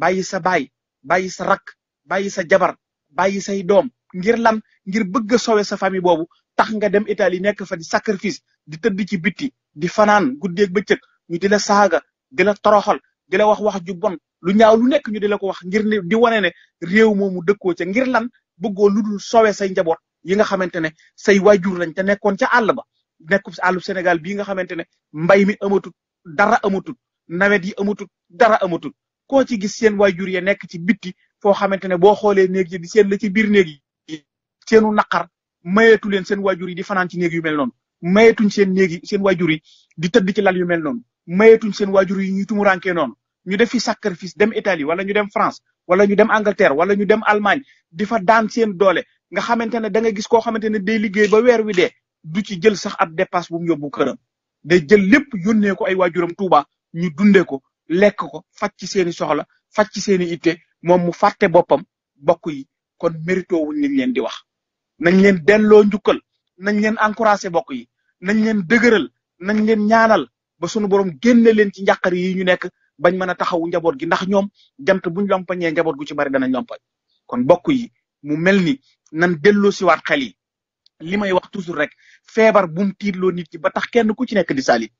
bàyyi sa baay bàyyi sa rakk bàyyi sa jabar bàyyi say doom ngir lan ngir bëgg a sowe sa famille boobu tax nga dem Italie nekk fa di sacrifice di tëdd ci bitti di fanaan ba bëccëg ñu di la saaga di la toroxal di la wax wax ju bon lu ñaaw lu nekk ñu di la ko wax ngir ne di wane ne réew moomu dëkkoo ca ngir lan bëggoo lu dul sowe say njaboot yi nga xamante ne say waajur lañ te nekkoon ca àll ba nekkub àllu Sénégal bii nga xamante ne mbay mi amatul dara amatul nawet yi amatul dara amatul koo ci gis seen waajur ya nekk ci bitti foo xamante ne boo xoolee néeg yi di seen la ci biir néeg yi seenu naqar mayeetu leen seen waajur yi di fanaan ci néeg yu mel noonu mayeetuñ seen néeg yi seen waajur yi di tëdd ci lal yu mel noonu mayeetuñ seen waajur yi ñuy tumurankee noonu ñu def fi sacrifice dem Italie wala ñu dem France wala ñu dem Angleterre wala ñu dem Allemagne difa daan seen doole nga xamante ne da nga gis koo xamante ne day liggéey ba weer wi dee du ci jël sax ab dépasse bu yóbbu këram day jël lépp yónnee ko ay waajuram Tuuba ñu dundee ko lekk ko faj ci seeni soxla faj ci seeni itte moom mu fàtte boppam bokk yi kon mérito wuñ liñ leen di wax nañ leen delloo njukkal nañ leen encouragé bokk yi nañ leen dëgëral nañ leen ñaanal ba sunu borom génne leen ci njàqare yi ñu nekk bañ mën a taxawu njaboot gi ndax ñoom jant buñ lompañee njaboot gu ci bari danañ lompañ bokk yi ni nan dello siwaat xel yi li may wax toujours rek feebar bu mu tiitloo nit ñi ba tax kenn ku ci nekk di salit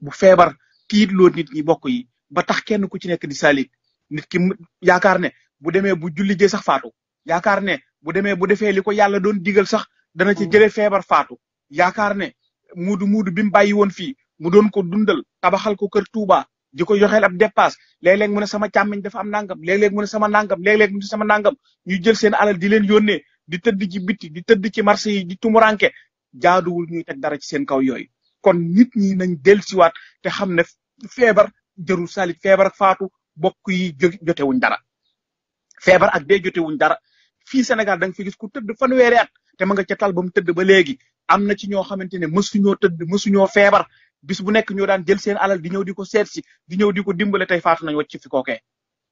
bu feebar tiitloo nit ñi bokk yi ba tax kenn ku ci nekk di salit nit ki yaakaar ne bu demee bu julli jee sax faatu yaakaar ne bu demee bu defee li ko yàlla doon digal sax dana ci mm. jëlee feebar faatu yaakaar ne muudu muudu bi mu bàyyi woon fii mu doon ko dundal tabaxal ko kër tuba di ko joxeel ab dépasse léeg-léeg mu ne sama càmmiñ dafa am nangam léeg-léeg sama nangam léeg-léeg sama nangam ñu jël seen alal di leen yónnee di tëdd ci biti di tëdd ci marché yi di tumuranke jaaduwul ñuy teg dara ci seen kaw yooyu kon nit ñi nañ dellusiwaat te xam ne feebar jërul salit feebar ak faatu bokk yi wuñ dara feebar ak de jote jotewuñ dara fii senegal da nga fi gis ku tëdd fanweeri at te ma nga ca tal ba mu tëdd ba léegi am na ci ñoo xamante ne mësuñoo tëdd mësuñoo feebar bis bu nekk ñoo daan jël seen alal di ñëw di ko seet si di ñëw diko dimbale tey faatu nañ wàcc fi kookee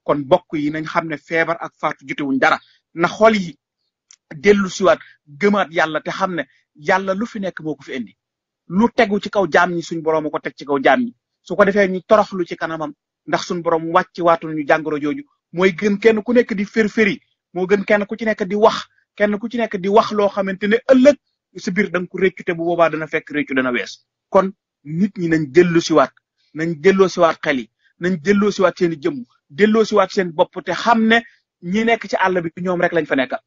kon bokk yi nañ xam ne feebar ak faatu jotewuñ dara na yi dellu siwaat gëmaat yàlla te xam ne yàlla lu fi nekk moo ko fi indi lu tegu ci kaw jaam ñi suñ borom ko teg ci kaw jaam ñi su ko defee ñu toroxlu ci kanamam ndax suñ borom wàcc waatul ñu jàngoro jooju mooy gën kenn ku nekk di firfiri moo gën kenn ku ci nekk di wax kenn ku ci nekk di wax loo xamante ne ëllëg si biir da nga ko réccu te bu boobaa dana fekk réccu dana wees kon nit ñi nañ dellu siwaat nañ delloo siwaat xel yi nañ delloo siwaat seen i delloo siwaat seen bopp te xam ne ñi nekk ci àll bi ñoom rek lañ fa nekkal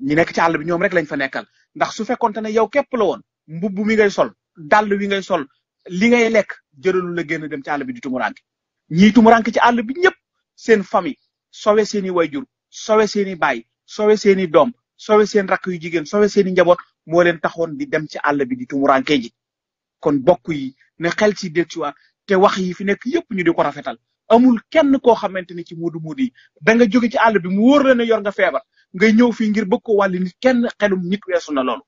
ñi nekk ci àll bi ñoom rek lañ fa nekkal ndax su fekkonte ne yow képp la woon mbubb mi ngay sol dàll wi ngay sol li ngay lekk jëralu la génn dem ci àll bi di tumuranke ñii tumuranke ci àll bi ñëpp seen famille sowe seen way wayjur sowe seen i baay sowe seen i doom sowe seen rakk yu jigéen sowe seen njaboot moo leen taxoon di dem ci àll bi di tumuranke ji kon bokk yi ne xel ci détuwaat te wax yi fi nekk yëpp ñu di ko rafetal amul kenn koo xamante ni ci muudu muudu yi da nga jóge ci àll bi mu wóor la ne yor nga feebar ngay ñëw fi ngir bëkk ko wàlli nit kenn xelum nit wessu na lool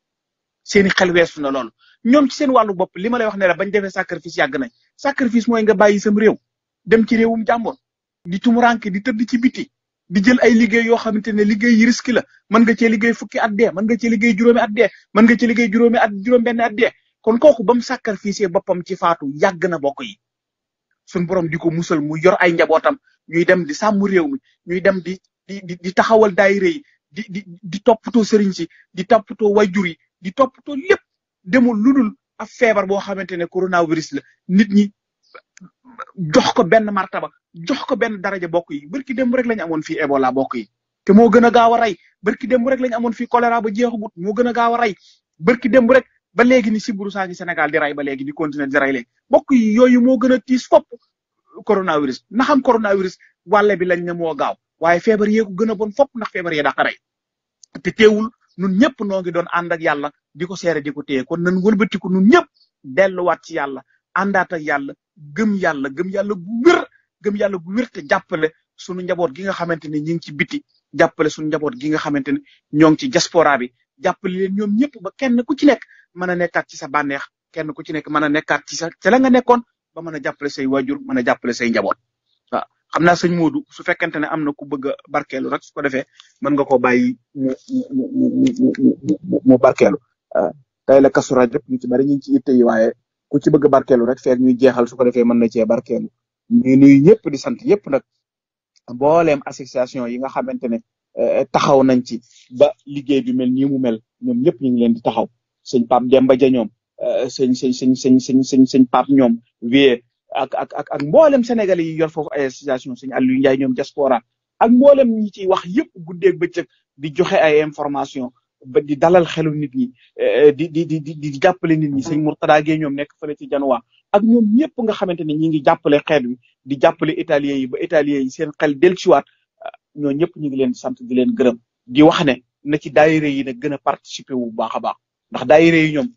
seeni xel wessu na lool ñom ci seen wàllu bop li ma lay wax ne la bañ défé sacrifice yag nañ sacrifice moy nga bayyi sam réew dem ci réewum jambon di rank di tëdd ci biti di jël ay liggéey yo xamantene liggéey yi risque la man nga ci liggéey fukki at dé man nga ci liggéey juroomi at dé man nga ci liggéey juroomi at juroom benn at dé kon koku bam sacrifice ci faatu yag na bokk yi sun borom diko ko musal mu yor ay njabotam ñuy dem di sàmm réew mi ñuy dem di di di taxawal daayira yi di di di toppatoo sëriñ si di toppatoo wayjur yi di toppatoo lépp demul ludul ab feebar boo xamante ne coronavirus la nit ñi jox ko benn martaba jox ko benn daraja bokk yi barki démb rek la ñu amoon fii Ebola bokk yi te moo gën a gaaw a rey barki démb rek la ñu amoon fii choléra ba jeexagut moo gën a gaaw a rey barki démb rek ba léegi ni siburu saa ngi Sénégal di rey ba léegi di continuer di rey léegi bokk yi yooyu moo gën a tiis fopp coronavirus na xam coronavirus wàlle bi lañ na moo gaaw waaye feebar yee ko gën a bon fopp ndax feebar yee daa rey te teewul nun ñëpp noo ngi doon ànd ak yàlla di ko seere di ko téye kon nan wëlbatiku nun ñëpp delluwaat ci yàlla àndaat ak yàlla gëm yàlla gëm yàlla gu wér gëm yàlla gu wér te jàppale sunu njaboot gi nga xamante ne ñi ngi ci biti jàppale sunu njaboot gi nga xamante ne ñoo ngi ci diaspora bi jàppale leen ñoom ñëpp ba kenn ku ci nekk mën a nekkaat ci sa bànneex kenn ku ci nekk mën a nekkaat ci sa ca la nga nekkoon ba mën a jàppale say waajur mën a jàppale say njaboot xam naa sëñ Modou su fekkente ne am na ku bëgg a barkeelu rek su ko defee mën nga koo bàyyi mu mu mu mu mu barkeelu ah, tey la kasu rajo ñu ci ñu ci itte waaye ku ci bëgg barkeelu rek feeg ñuy jeexal su ko defee mën na cee barkeelu ñu ni ñëpp di sant yëpp nag mbooleem association yi nga xamante ne eh, taxaw nañ ci ba liggéey bi mel nii mu mel ñoom ñëpp ñu ngi leen di taxaw sëñ Pape Demba Ja ñoom eh, sëñ sëñ sëñ sëñ sëñ sëñ Pape ñoom wiyee ak ak ak ak mboolem Sénégalais yi yor foofu ay association sëñ Aliou Ndiaye ñoom diaspora ak mboolem ñi ciy wax yëpp guddeeg bëccëg di joxe ay information ba di dalal xelu nit ñi eh, di di di di jàppale nit ñi sëñ Mourtada Gueye ñoom nekk fële ci janwa ak ñëpp nga xamante ne ñi ngi jàppale xeet wi di jàppale italiens yi ba italiens yi seen xel dellusiwaat ah, ñoo ñëpp ñu ngi leen di sant di leen gërëm di wax ne na ci daayira yi nag gën a participer wu bu baax a baax ndax daayira yi ñoom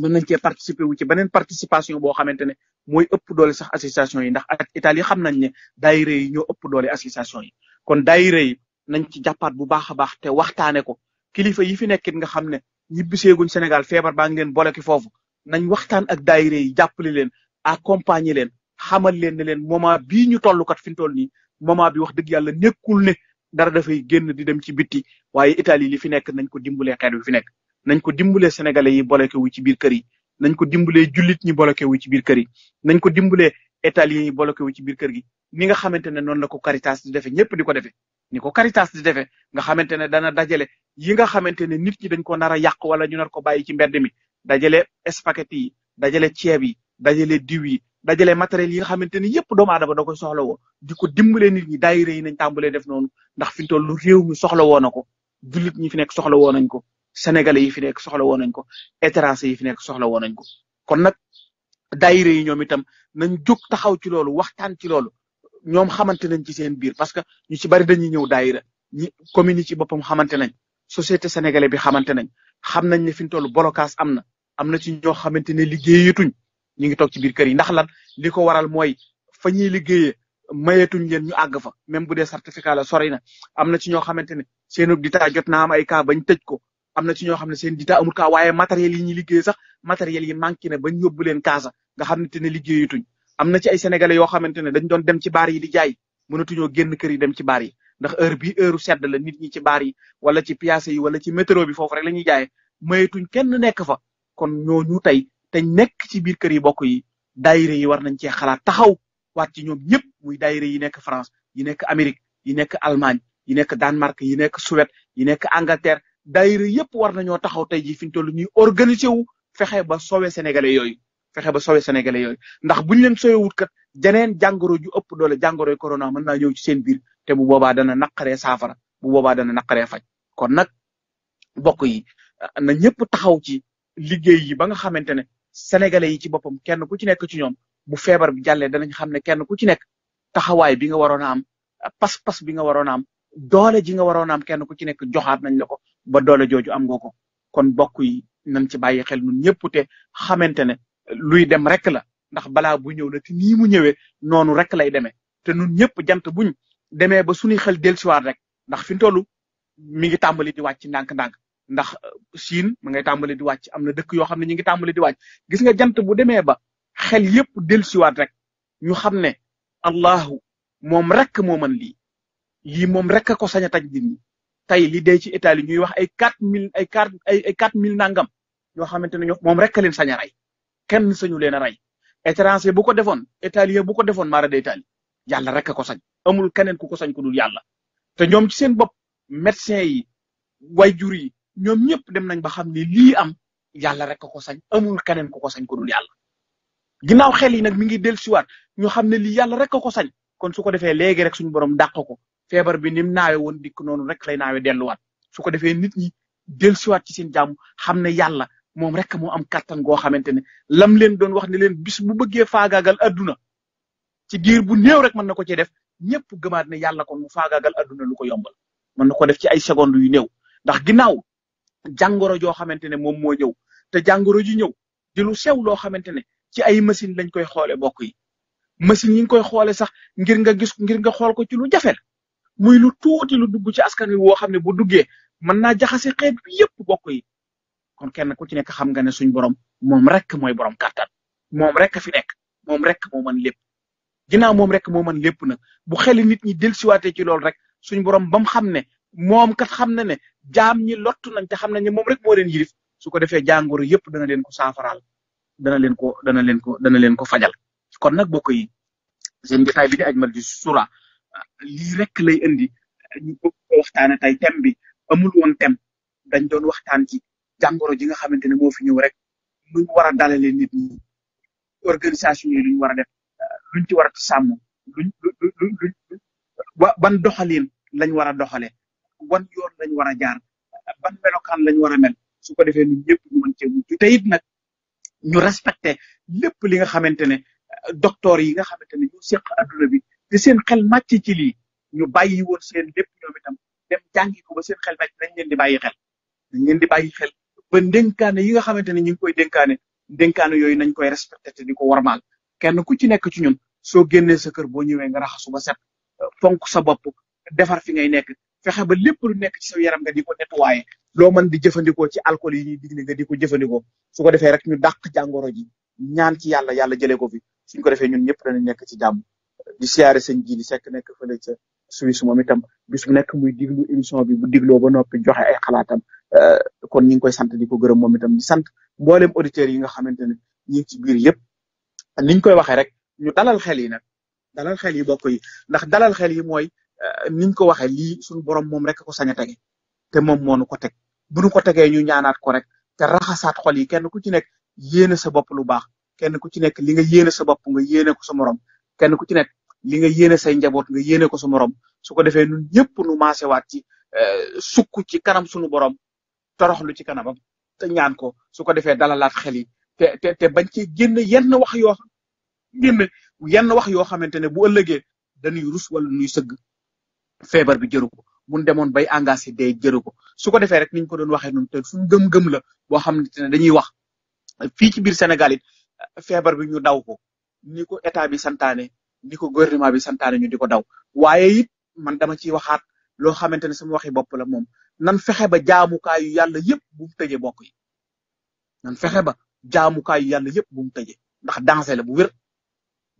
mën nañ cee participer wu ci beneen participation boo xamante ne mooy ëpp doole sax association yi ndax ak Italie xam nañ ne daayira yi ñoo ëpp doole association yi kon dayre yi nañ ci jàppaat bu baax a baax te waxtaane ko kilifa yi fi nekkit nga xam ne ñibbiseeguñ Sénégal feebar baa ngi leen boole ki foofu nañ waxtaan ak daayira yi jàppale leen accompagner leen xamal leen ne leen moment bii ñu toll kat fi ñu toll nii moment bi wax dëgg yàlla nekkul ne dara dafay génn di dem ci bitti waaye Italie li fi nekk nañ ko dimbalee xeet wi fi nekk nañ ko dimbalee sénégalais yi boole wu ci biir kër yi nañ ko dimbalee jullit ñi bloqué wu ci biir kër yi nañ ko dimbalee italien yi bloqué wu ci biir kër gi ni nga xamante ne noonu la ko Caritas di defee ñëpp di ko defee ni ko Caritas di defee nga xamante ne dana dajale yi nga xamante ne nit ñi dañ ko nar a yàq wala ñu nar ko bàyyi ci mbedd mi dajale spaghetti yi dajale ceeb yi dajale diw yi dajale matériel yi nga xamante ni yëpp doomu aadama da koy soxla woo di ko dimbalee nit ñi daayira yi nañ tàmbalee def noonu ndax fi mu toll réew mi soxla woo na ko jullit ñi fi nekk soxla woo nañ ko sénégalais yi fi nekk soxla woon nañ ko étranger yi fi nekk soxla woon nañ ko kon nag daayira yi ñoom itam nañ jóg taxaw ci loolu waxtaan ci loolu ñoom xamante nañ ci seen biir parce que ñu ci bari dañuy ñëw daayira ñi commune yi ci boppam xamante nañ société sénégalais bi xamante nañ xam nañ ne fi ñu toll blocage am na am na ci ñoo xamante ne liggéeyatuñ ñu ngi toog ci biir kër yi ndax lan li ko waral mooy fa ñuy liggéeyee mayetuñ leen ñu àgg fa même bu dee certificat la sori na am na ci ñoo xamante ne seen di taa jot naa am ay cas bañ tëj ko am na ci ñoo xam ne seen dita amul kaa waaye matériel yi ñuy liggéey sax matériel yi manqué na bañ yóbbu leen kaasa nga xam ne te ne liggéeyatuñ am na ci ay sénégalais yo xamante ne dañ doon dem ci baar yi di jaay mënatuñoo génn kër yi dem ci baar yi ndax heure bi heure sedd la nit ñi ci baar wala ci piyaasa yi wala ci métro bi foofu rek la ñuy jaayee mayetuñ kenn nekk fa kon ñooñu tey te nekk ci biir kër yi bokk yi daayira yi war nañ cee xalaat taxaw wat ci ñoom ñëpp muy daayira yi nekk France yi nekk Amérique yi nekk Allemagne yi nekk Danemark yi nekk Suède yi nekk Angleterre daayira yëpp war nañoo taxaw tey jii fi ñu toll ñuy organiser wu fexe ba sowe sénégalais yooyu fexe ba sowe sénégalais yooyu ndax buñu leen sowewut kat jeneen jàngoro ju ëpp doole jàngoroy corona mën naa ñëw ci seen biir te bu boobaa dana naqaree saafara bu boobaa dana naqaree faj kon nag bokk yi na ñëpp taxaw ci liggéey yi ba nga xamante ne sénégalais yi ci boppam kenn ku ci nekk ci ñoom bu feebar bi jàllee danañ xam ne kenn ku ci nekk taxawaay bi nga waroon a am pas-pas bi nga waroon am doole ji nga waroon a kenn ku ci nekk joxaat nañ la ko ba doole jooju am nga ko kon bokk yi nañ ci bàyyi xel ñun ñëpp te xamante ne luy dem rek la ndax balaa bu ñëw la te nii mu ñëwee noonu rek lay demee te ñun ñëpp jant buñ demee ba suñuy xel dellusiwaat rek ndax fi mu toll mi ngi tàmbali di wàcc ndànk-ndànk ndax euh, Chine ma ngay tàmbali di wàcc am na dëkk yoo xam ne ñu ngi tàmbali di wàcc gis nga jant bu demee ba xel yëpp dellusiwaat rek ñu xam ne Allahu moom rek moo mën lii lii moom rek a ko sañ a taj tey li dey ci Italie ñuy wax ay quatre mille ay quatre ay quatre mille nangam ñoo xamante ne ñoom moom rek leen sañ a rey kenn sañu leen a rey étranger bu ko defoon italien bu ko defoon mara de Italie yàlla rek ko sañ amul keneen ku ko sañ ku dul yàlla te ñoom ci seen bopp médecin yi wayjur yi ñoom ñëpp dem nañ ba xam ne lii am yàlla rek ko sañ amul keneen ku ko sañ yàlla ginnaaw xel yi nag mi ngi dellusiwaat ñu xam ne lii yàlla rek a ko sañ kon su ko defee léegi rek suñu borom dàq ko feebar bi ni mu naawe woon dikk noonu rek lay naawe delluwaat su ko defee nit ñi dellusiwaat ci seen jàmm xam ne yàlla moom rek moo am kattan goo xamante ne lam leen doon wax ne leen bis bu bëggee faagaagal adduna ci diir bu néew rek mën na ko cee def ñëpp gëmaat ne yàlla kon mu faagaagal adduna lu ko yombal mën na ko def ci ay secondes yu néew ndax ginnaaw jàngoro joo xamante ne moom moo ñëw te jàngoro ji ñëw di sew loo xamante ne ci ay machine lañ koy xoole bokk yi machine yi ngi koy xoole sax ngir nga gis ngir nga xool ko ci lu jafe muy lu tuuti lu dugg ci askan wi woo xam ne bu duggee mën naa jaxase xeet bi yépp bokk yi kon kenn ku ci nekk xam nga ne suñ borom moom rek mooy borom kàttan moom rek fi nekk moom rek moo mën lépp ginnaaw moom rek moo mën lépp nag bu xeli nit ñi dellusiwaatee ci loolu rek suñ borom bam xam ne moom kat xam na ne jaam ñi lottu nañ te xam nañ ne moom rek moo leen yilif su ko defee jàngoro yépp dana leen ko saafaraal dana leen ko dana leen ko dana leen ko fajal kon nag bokk yi seen jotaay bi di ajmal lii rek lay indi ñu bëgg ko waxtaane tey thème bi amul woon thème dañ doon waxtaan ci jàngoro ji nga xamante ne moo fi ñëw rek nuñ war a dalalee nit ñi organisation yi luñ war a def luñ ci war a sàmm luñ ban doxalin lañ war a doxalee wan yoon lañ war a jaar ban melokaan lañ war a mel su ko defee ñun ñëpp ñu mën cee mucc te nag ñu respecté lépp li nga xamante ne docteur yi nga xamante ne ñu seq adduna bi te seen xel màcc ci lii ñu bàyyi woon seen lépp ñoom itam dem jàngi ko ba seen xel màcc nañ leen di bàyyi xel di bàyyi xel ba denkaane yi nga xamante ne ñu ngi koy denkaane denkaane yooyu nañ koy respecté te di ko warmaal kenn ku ci nekk ci ñun soo génnee sa kër boo ñëwee nga raxasu ba set fonk sa bopp defar fi ngay nekk fexe ba lépp lu nekk ci sa yaram nga di ko nettoyé loo mën di jëfandikoo ci alcool yi ñuy digle nga di ko jëfandikoo su ko defee rek ñu dàq jàngoro ji ñaan ci yàlla yàlla jëlee ko fi suñ ko defee ñun ñëpp dana nekk ci jàmm di siyaare sëñ ji di sekk nekk fële ca Suisse moom itam bis bu nekk muy diglu émission bi bu digloo ba noppi joxe ay xalaatam euh, kon ñi ngi koy sant di ko gërëm moom itam di sant mboolem auditeurs yi nga xamante ne ñi ngi ci biir yëpp ñu koy waxee rek ñu dalal xel yi nag dalal xel yi bokk yi ndax dalal xel yi mooy euh, ñu ko waxee lii suñu borom moom rek ko sañ a tege te moom moonu nu ko teg bu nu ko tegee ñu ñaanaat ko rek te raxasaat xol yi kenn ku ci nekk yéene sa bopp lu baax kenn ku ci nekk li nga yéene sa bopp nga yéene ko sa morom kenn ku ci nekk li nga yéene say njaboot nga yéene ko sa morom su ko defee ñun ñëpp nu maasewaat ci eh, sukk ci kanam suñu borom toroxlu ci kanamam te ñaan ko su ko defee dalalaat xel yi te bañ cee génn yenn wax yoo génn wax yoo xamante ne bu ëllëgee dañuy rus wala nuy sëgg feebar bi jëru ko mun demoon bay engagé day jëru ko su ko defee rek niñ ko doon waxee noonu te suñ gëm-gëm la boo xamante ne dañuy wax fii ci biir Sénégal it feebar bi ñu daw ko ni ko état bi santaane ni ko gouvernement bi santaane ñu di ko daw waaye it man dama ciy waxaat loo xamante ne sama waxi bopp la moom nan fexe ba jaamukaayu yàlla yëpp bu mu tëjee bokk yi nan fexe ba jaamukaayu yàlla yëpp bu mu ndax dansé la bu wér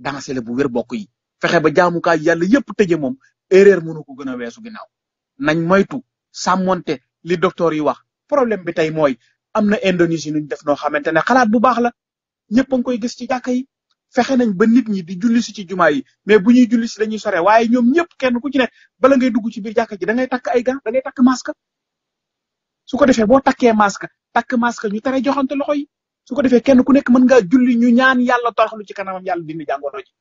dansé la bu wér bokk yi fexe ba jaamukaayu yàlla yëpp tëjee moom erreur mënu ko gën a weesu ginnaaw nañ moytu sàmmonte li docteur yi wax problème bi tey mooy am na Indonésie nuñ def noo xamante ne xalaat bu baax la ñëpp a ngi koy gis ci jàkka yi fexé nañ ba nit ñi di julli ci juma yi mais bu ñuy julli ci lañuy soré waye ñom ñepp kenn ku ci nek bala ngay dugg ci bir jakk ji da ngay tak ay gants da ngay tak masque su ko défé bo takké masque tak masque ñu téré joxante loxo yi su ko défé kenn ku nek mën nga julli ñu ñaan yalla toroxlu ci kanamam yalla dindi jangoro ci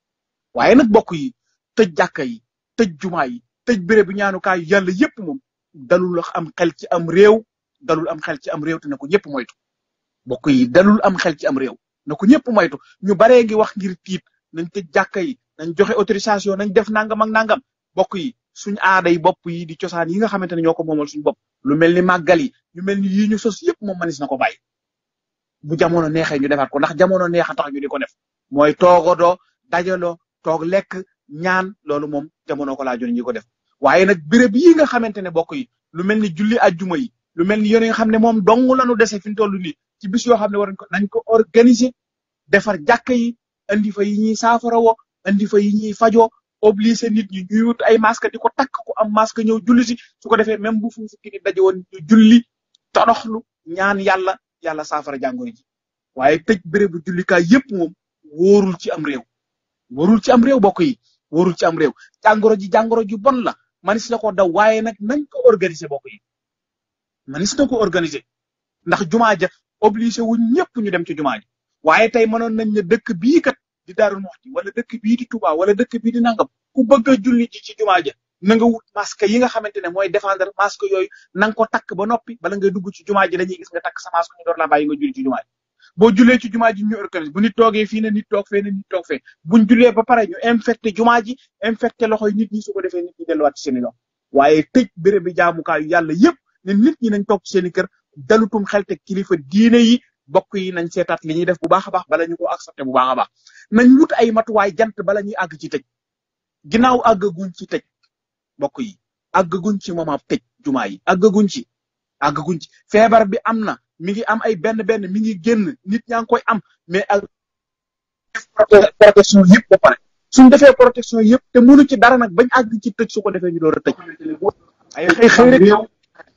waye nak bokku yi tej jakk yi tej juma yi tej béré bu ñaanu kay yalla yépp mom dalul am xel ci am réew dalul am xel ci am réew té nako ñepp moytu bokku yi dalul am xel ci am réew na ko ñëpp moytu ñu baree ngi wax gir tiit nañ te jàkka yi nañ joxe autorisation nañ def nangam ak nangam bokk yi suñu aada yi bopp yi di cosaan yi nga xamante ne ñoo ko moomal suñu bopp lu mel ni màggal yi ñu mel ni yii ñu sos yëpp moom manis na ko bàyyi bu jamono neexee ñu defaat ko ndax jamono neexa tax ñu di ko def mooy toogadoo dajaloo toog lekk ñaan loolu moom jamono ko laajoon ñi ko def waaye nag béréb yi nga xamante ne bokk yi lu mel ni julli ajjuma yi lu mel ni yoon yi nga xam ne moom dong lañu dese fi mu toll nii ci bis yoo xam ne war nañ ko nañ ko organiser defar jàkka yi andi fa yi ñuy saafara wo andi fa yi ñuy fajoo obligé nit ñi ñuy wut ay masque di ko takk ko am masque ñëw julli si su ko defee même bu fu fukki nit daje woon ñu julli toroxlu ñaan yàlla yàlla saafara jàngoro ji waaye tëj bérébu jullikaay yëpp moom wóorul ci am réew wóorul ci am réew bokk yi wóorul ci am réew jàngoro ji jàngoro ju bon la manis na ko daw waaye nag nañ ko organiser bokk yi manis na ko organiser ndax jumaa obligé wuñ ñëpp ñu dem ci jumaa waaye tey mënoon nañ ne dëkk bii kat di Daaru Muxti wala dëkk bii di Touba wala dëkk bii di nangam ku bëgg a julli ci jumaa ja na nga wut masque yi nga xamante ne mooy défendre masque yooyu na nga ko takk ba noppi bala nga dugg ci jumaa ji dañuy gis nga takk sa masque ñu door la bàyyi nga julli ci ci jumaa ji ñu organise bu nit toogee fii ne nit toog fee ne nit toog fee buñ jullee ba pare ñu infecté jumaa ji infecté loxoy nit ñi su ko defee nit ñi delluwaat ci seen i waaye tëj béréb bi jaamukaayu yàlla yëpp ne ñi nañ toog ci seen kër dalutum xelte kilifa diine yi bokk yi nañ seetaat li ñuy def bu baax a baax bala ñu ko accepté bu baax a baax nañ wut ay matuwaay jant bala ñuy àgg ci tëj ginnaaw àggaguñ ci tëj bokk yi àggaguñ ci moment tëj jumaa yi àggaguñ ci àggaguñ ci feebar bi am na mi ngi am ay benn benn mi ngi génn nit ñaa ngi koy am mais ak protection yëpp ba pare suñ defee protection yëpp te mënu ci dara nag bañ àgg ci tëj su ko defee ñu door a tëj ay xëy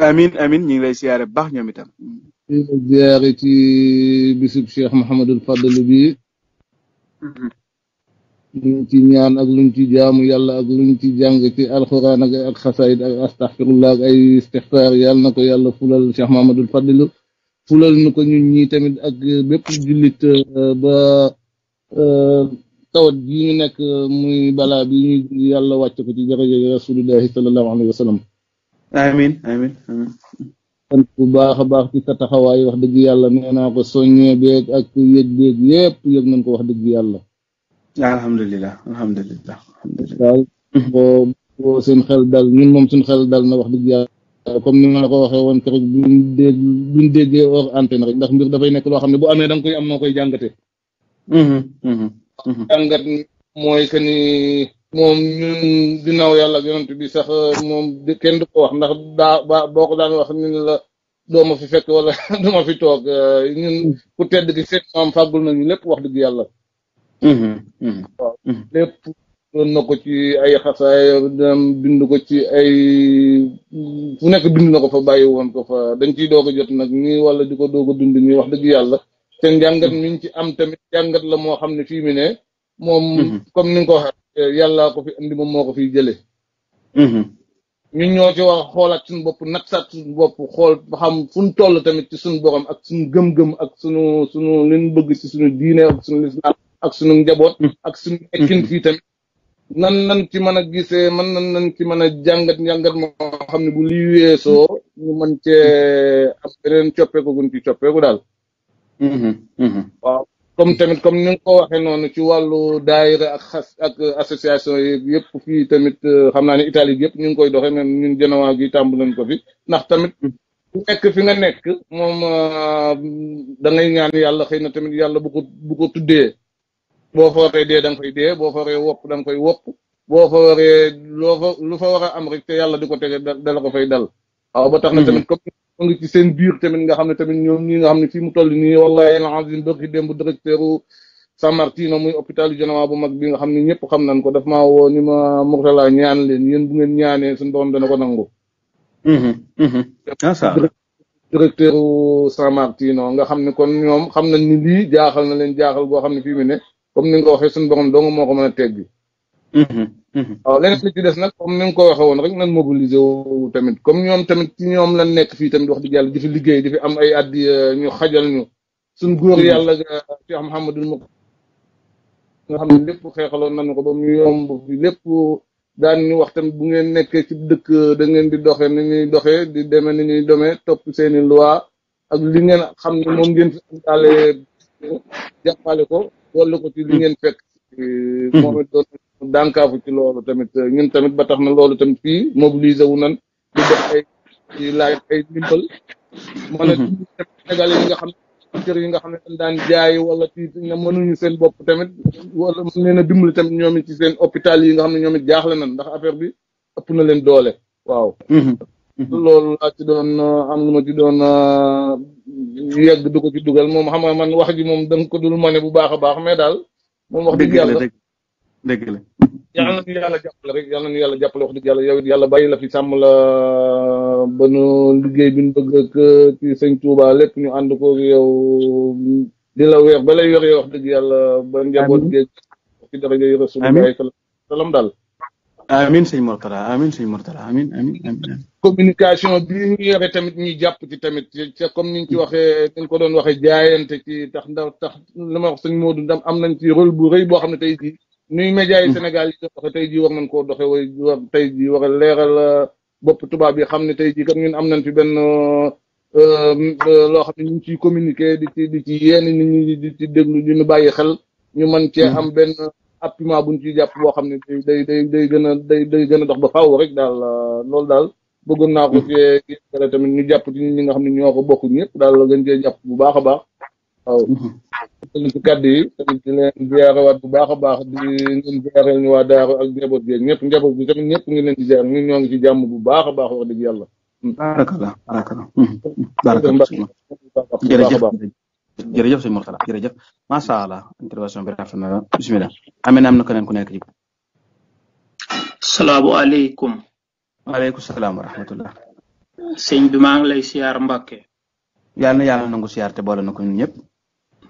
امين امين ني لاي زياره باخ نيومي تام زيارتي بيسوب شيخ محمد الفضل بي نتي نيان اك لونتي جامو يالا اك لونتي جانغ تي القران اك الخصائد اك استغفر الله اي استغفار يال نكو يالا فولال شيخ محمد الفضل فولال نكو نين ني تاميت اك بيب جوليت آه، با آه، تاوت جي ني نك آه، موي بلا بي يالا واتكو تي جخه رسول الله صلى الله عليه وسلم amin amin amin sant bu baax a baax ci sa taxawaay wax dëgg yàlla nee naa ko soññee beeg ak yëg beeg yépp yëg nañ ko wax dëgg yàlla alhamdulilah alhamdulilah daal boo boo seen xel dal ñun moom suñ xel daal na wax dëgg yàlla comme ni ma la ko waxee woon keroog duñ dégg duñ déggee rek ndax mbir dafay nekk loo xam ne bu amee da koy am noo koy jàngate mm-hmm, mm-hmm, mm-hmm. jàngat mooy moom ñun yàlla ak yonent bi sax moom kenn du ko wax ndax daa boo ko daan wax ñun la dooma fi fekk wala (laughs) duma fi toog euh, ñun ku tedd gi seen maam fàggul nañu lépp wax dëgg yàlla mm-hmm, mm-hmm. waaw mm-hmm. lépp doon na ko ci ay xasaay bind ko ci ay fu nekk bind na ko fa bàyyi woon ko fa dañ ciy doog a jot nag nii wala di ko doog a dund nii wax dëgg yàlla te njàngat mi ñu ci am tamit njàngat la moo xam ne fii mi ne moom comme ni nga ko waxee yàllaa ko fi andi moom moo ko fiy jëlee. Mm-hmm. ñun ñoo ci xoolaat suñu bopp nag saat suñu bopp xool xam fu toll tamit ci suñu borom ak suñu gëm-gëm ak suñu suñu li bëgg ci suñu diine ak suñu ak suñu njaboot. ak suñu nekkin fi tamit. nan nan ci mën a gisee man nan nan ci mën a jàngat njàngat moo xam ne bu lii weesoo man mën ak am beneen coppeeku coppeeku daal. Mm-hmm. Mm-hmm. waaw. comme tamit comme ni nga ko waxee noonu ci wàllu daayira ak ak association yi yëpp fii tamit euh, xam naa ne Italie bi yëpp ñu ngi koy doxee même ñun Genoa gi tàmb nañ ko fi ndax tamit bu mm. nekk fi nga nekk moom euh, da ngay ñaan yàlla xëy na tamit yàlla bu ko bu ko tuddee boo fa waree dee da nga fay dee boo fa waree wopp da nga fay wopp boo fa waree loo fa lu fa war a am rek te yàlla di ko tege dala ko fay dal waaw ba tax na mm. tamit mu ngi ci seen biir tamit nga xam ne tamit ñoom ñi nga xam ne fii mu toll nii wallahi alazim bërki démb directeur u San Martino muy hôpital Général bu mag bi nga xam ne ñëpp xam nañ ko daf maa woo ni ma Mourtala ñaan leen yéen bu ngeen ñaanee suñu borom dana ko nangu mhm, mhm. Ah, directeur u San Martino nga xam ne kon ñoom xam nañ ni lii jaaxal na leen jaaxal boo xam ne fii mu ne comme ni ko waxee suñu borom dong moo ko mën a teggi mhm. Mhm. waaw leneen li ci des nag comme ni nga ko waxee woon rek nan mobilisé wu tamit comme ñoom tamit ci ñoom la nekk fii tamit wax dëgg yàlla di fi liggéey di am ay addi euh, ñu xajal ñu suñ góor mhm. yàlla Cheikh Mouhamadul Mok nga xam ne lépp xeexaloon nañu ko ba mu yomb fi lépp daan ñu wax tamit bu ngeen nekkee ci dëkk da ngeen di doxe ni ñuy doxee di demee ni ñuy dome topp seeni loi ak li ngeen xam ne moom ngeen fi am daale jàppale ko dolli ko ci li fekk Euh, hmm. moom it doon dànkaafu ci loolu tamit euh, ñun tamit ba tax na loolu tamit fii mobilisé wu nan di def ay di laaj hmm. yi nga xam ne yi nga xam ne daan jaay wala ci na mënuñu seen bopp tamit wala mën leen dimbali tamit ñoom it ci seen hôpital yi nga xam ne ñoom it jaaxle nan ndax affaire bi ëpp na leen doole waaw hmm. loolu laa ci doon euh, am lu ma ci doon yegg du ko ci dugal moom xam man wax ji moom danga ko dul mane bu baax a baax mais daal moom wax dëgg yàlla dëgg la yàlla na ñu yàlla jàppale rek yàlla na ñu yàlla jàppale wax dëgg yàlla yow it yàlla bàyyi la fi sàmm la ba nu liggéey bi ñu bëgg ak ci sëñ Touba lépp ñu ànd ko yow di la weer ba lay yore wax dëgg yàlla ba njaboot géej ci dara ngay rasul salaam daal amin sëñ Mortala amin sëñ Mortala amin communication bi ñu yore tamit ñuy jàpp ci tamit comme ni ñu ci hmm. waxee dañ ko doon waxee jaayante ki tax ndaw tax li ma wax sëñ Modou Ndam am nañ ci rëy boo xam ne tey jii nuy média yi hmm. Sénégal yi doon tey jii war nañ koo doxee way war tey jii war a leeral uh, tubaab yi xam ne tey jii kat ñun am nañ fi benn uh, um, uh, loo xam ne ñu ngi ciy communiqué di ci di ci yéen nit ñi déglu di ñu bàyyi xel ñu man cee hmm. am benn appiment buñ ci jàpp boo xam ne day day day gën a day day gën a dox ba faaw rek daal euh, loolu daal bëggoon naa ko cee mm. tamit ñu jàpp ci ñi nga xam ne ñoo ko bokk ñëpp daal la gën cee jàpp bu baax a baax waaw mm-hmm. tamit ci kàddu yi tamit di leen ziare waat bu baax a baax di ngeen ziare ñu waa daaru ak njaboot bi ñëpp njaboot bi tamit ñëpp ngi leen di ziare ñun ñoo ngi ci jàmm bu baax a baax wax dëgg yàlla barakallah barakallah mm-hmm. barakallah jërëjëf jërëjëf sëñ Mourtala jërëjëf macha allah intervention bi rafet na bisimilah amee na am na keneen ku nekk alaykum wa alaykum salaam wa rahmatullah. sëñ bi maa ngi lay siyaar Mbàkke. yàlla na yàlla nangu siyaar te boole na ko ñun ñëpp.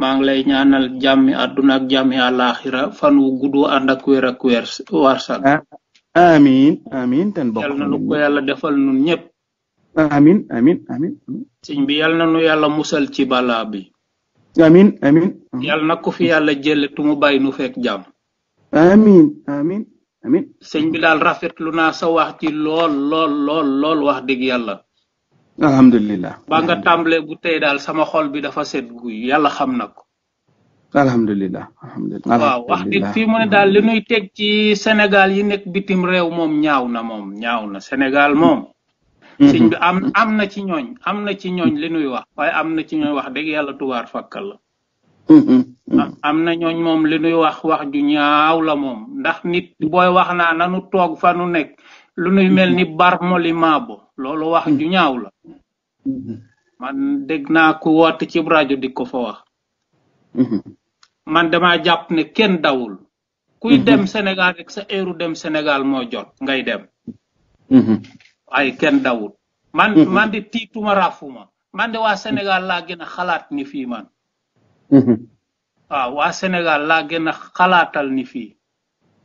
maa ngi lay ñaanal jàmmi àdduna ak jàmmi àlaaxira fan wu gudd ànd ak wér ak wér warsak. amiin amiin ten bokk yàlla na ko yàlla defal nun ñëpp. amin amin amin sëñ bi yàlla na nu yàlla musal ci balaa bi. amin amin yàlla na ko fi yàlla jële tu mu nu fekk jàmm amin amin amin sëñ bi daal rafetlu na sa wax ci lool lool lool lool wax dëgg yàlla alhamdulilah ba nga tàmbalee bu tey daal sama xol bi dafa set guy yàlla xam na ko alhamdulilah alhamdulilah waaw wax dëgg fii mu ne daal li nuy teg ci Sénégal yi nekk bitim réew moom ñaaw na moom ñaaw na Sénégal moom Mhm. sëñ bi am am na ci ñooñ am na ci ñooñ li nuy wax waaye am na ci ñooñ wax dëgg yàlla tuwaar fàkkal la mhm. ah, am na ñooñ moom li nuy wax wax ju ñaaw la moom ndax nit booy wax naa nanu toog fa nu nekk lu nuy mel ni barmoli maabo loolu wax ju ñaaw la mhm. man dégg naa ku wot ci rajo dik ko fa wax man dama jàpp ne kenn dawul kuy dem Sénégal rek sa heure dem Sénégal moo jot ngay dem ay kenn dawul man mm-hmm. man de tiituma raafuma man de waa Sénégal laa gën a xalaat ni fii man mm-hmm. waa Sénégal laa gën xalaatal ni fii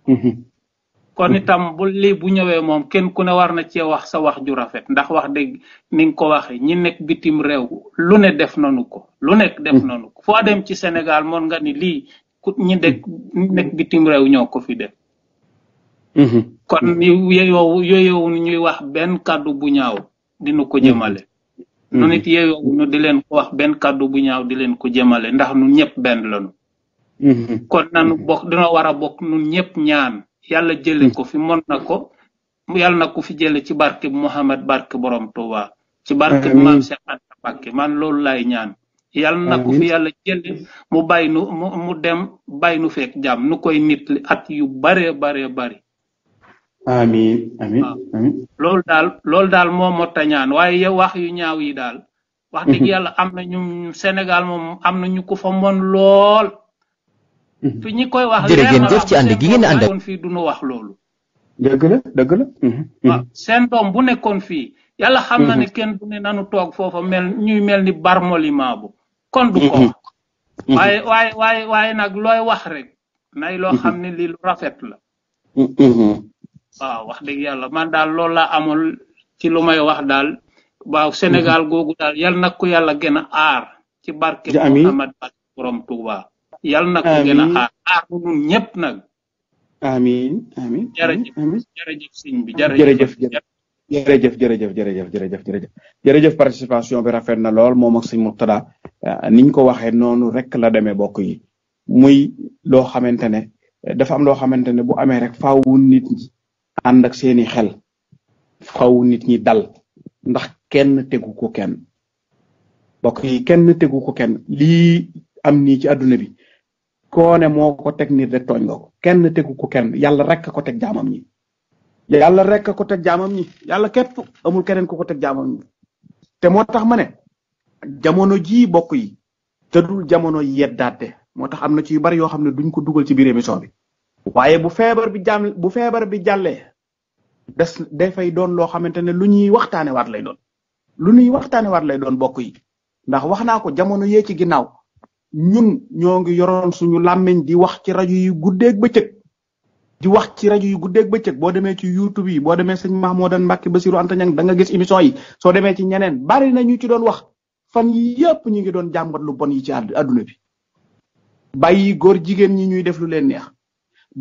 mm-hmm. kon itam bu lii bu ñëwee moom kenn ku ne war na cee wax sa wax ju rafet ndax wax dëgg ni ko waxee ñi nekk bitim réew lu ne def nanu ko lu nekk def nanu ko foo ci Sénégal moon nga ni lii ku ñi nekk bitim réew ñoo ko fi def Mm-hmm. kon mm-hmm. yoyo ni ñuy wax ben kaddu bu ñaaw dinu ko jëmalé mm-hmm. nu nit yeyo nu di leen ko wax ben kaddu bu ñaaw di leen ko jëmalé ndax nu ñepp ben lañu kon nanu bok dina wara bok nun ñepp ñaan yalla jëlé ko fi mon nako yalla nako fi jëlé ci barke muhammad barke borom towa ci barke mam cheikh anta bakke man lool lay ñaan yalla nako fi yalla jëlé mu baynu mu dem baynu fek jam nu koy nit at yu bare bare bare amin amin ah. amin loolu dal, loolu dal moo motta ñaan waaye yow wax yu ñaaw yi dal wax dëgg mhm. yàlla am na ñu senegal moom am na ñu ko fa mon lol mhm. fi ñi koy wax jërë ngeen jëf ci ànd gi ngeen ànd ak fii du nu wax loolu dëgg la dëgg la mhm, waaw seen bu nekkoon fi yàlla xam ne kenn du ne nanu toog foofa mel ñuy mel ni barmoliment bu kon du ko waaye waaye waaye waaye nag looy wax rek nay loo xam ne lu rafet la waaw wax dëgg yàlla man daal loolu laa amul ci lu may wax daal waaw Sénégal mhm. googu daal yal na ko yàlla gën a aar ci barke Muhammad barke borom Touba yal na ko gën a aar aar ñun ñëpp nag amin amin jërëjëf jërëjëf sëñ bi jërëjëf jërëjëf jërëjëf jërëjëf jërëjëf jërëjëf jërëjëf participation bi rafet na lool moom ak sëñ Murtada ah, niñ ko waxee noonu rek la demee bokk yi muy loo xamante ne dafa am loo xamante ne bu amee rek faawu nit ñi ànd ak seeni xel faw nit ñi dal ndax kenn tegu ko kenn bokk yi kenn tegu ko kenn lii am nii ci àdduna bi koo moo ko teg nit rek tooñ ko kenn tegu ko kenn yàlla rek ko teg jaamam ñi yàlla rek ko teg jaamam ñi yàlla képp amul keneen ku ko teg jaamam ñi te moo tax ma ne jamono jii bokk yi te dul jamono yeddaate moo tax am na ci yu bari yoo xam ne duñ ko dugal ci biir émission bi waaye bu feebar bi jàmm bu feebar bi jàllee des dafay doon loo xamante ne lu ñuy waxtaane waat lay doon lu ñuy waxtaane waat lay doon bokk yi ndax wax naa ko jamono yee ci ginnaaw ñun ñoo ngi yoroon suñu làmmiñ di wax ci rajo yu guddeeg bëccëg di wax ci rajo yu guddeeg bëccëg boo demee ci youtube yi boo demee sëñ Mahmoudan Mbacke Basirou Anta Niang da nga gis émission yi soo demee ci ñeneen bari na ñu ci doon wax fan yi yëpp ñu ngi doon jàmbat lu bon yi ci àdduna bi bàyyi góor jigéen ñi ñuy def leen neex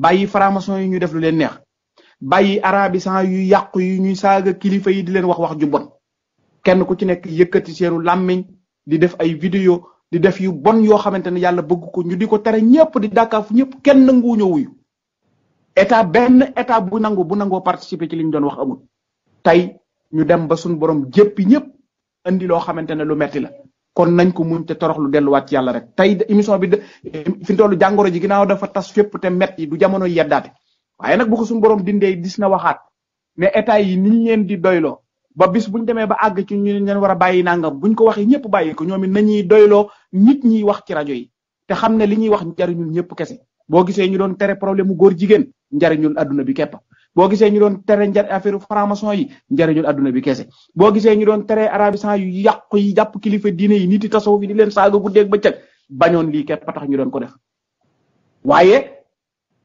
bàyyi franc-maçon yi ñu def lu leen neex bàyyi arabisant yu yàqu yu ñuy saaga kilifa yi di leen wax wax ju bon kenn ku ci nekk yëkkati seenu làmmiñ di def ay vidéo di def yu bon yoo xamante ne yàlla bëgg ko ñu di ko tere ñëpp di dàkkaafu ñëpp kenn nanguwuñu wuyu état benn état bu nangu bu nangoo participer ci li ñu doon wax amul tey ñu dem ba suñu borom jéppi ñëpp andi loo xamante ne lu metti la kon nañ ko muñ te toroxlu delluwaat ci yàlla rek tey émission bi fi mu toll jàngoro ji ginnaaw dafa tas fépp te metti du jamono yeddaate waaye nag bu ko suñu borom dindee dis na waxaat ne état yi niñ leen di doyloo ba bis buñ demee ba àgg ci ñu leen war a bàyyi nangam buñ ko waxee ñëpp bàyyi ko ñoom it nañuy doyloo nit ñiy wax ci rajo yi te xam ne li ñuy wax njariñul ñëpp kese boo gisee ñu doon tere problème mu góor jigéen njariñul adduna bi képp boo gisee ñu doon tere njar affaire franc-maçon yi njariñul adduna bi kese boo gisee ñu doon tere arabisant yu yi jàpp kilifa diine yi nit yi tasawuf di leen saaga bu dégg bëccëg bañoon lii képp tax ñu doon ko def waaye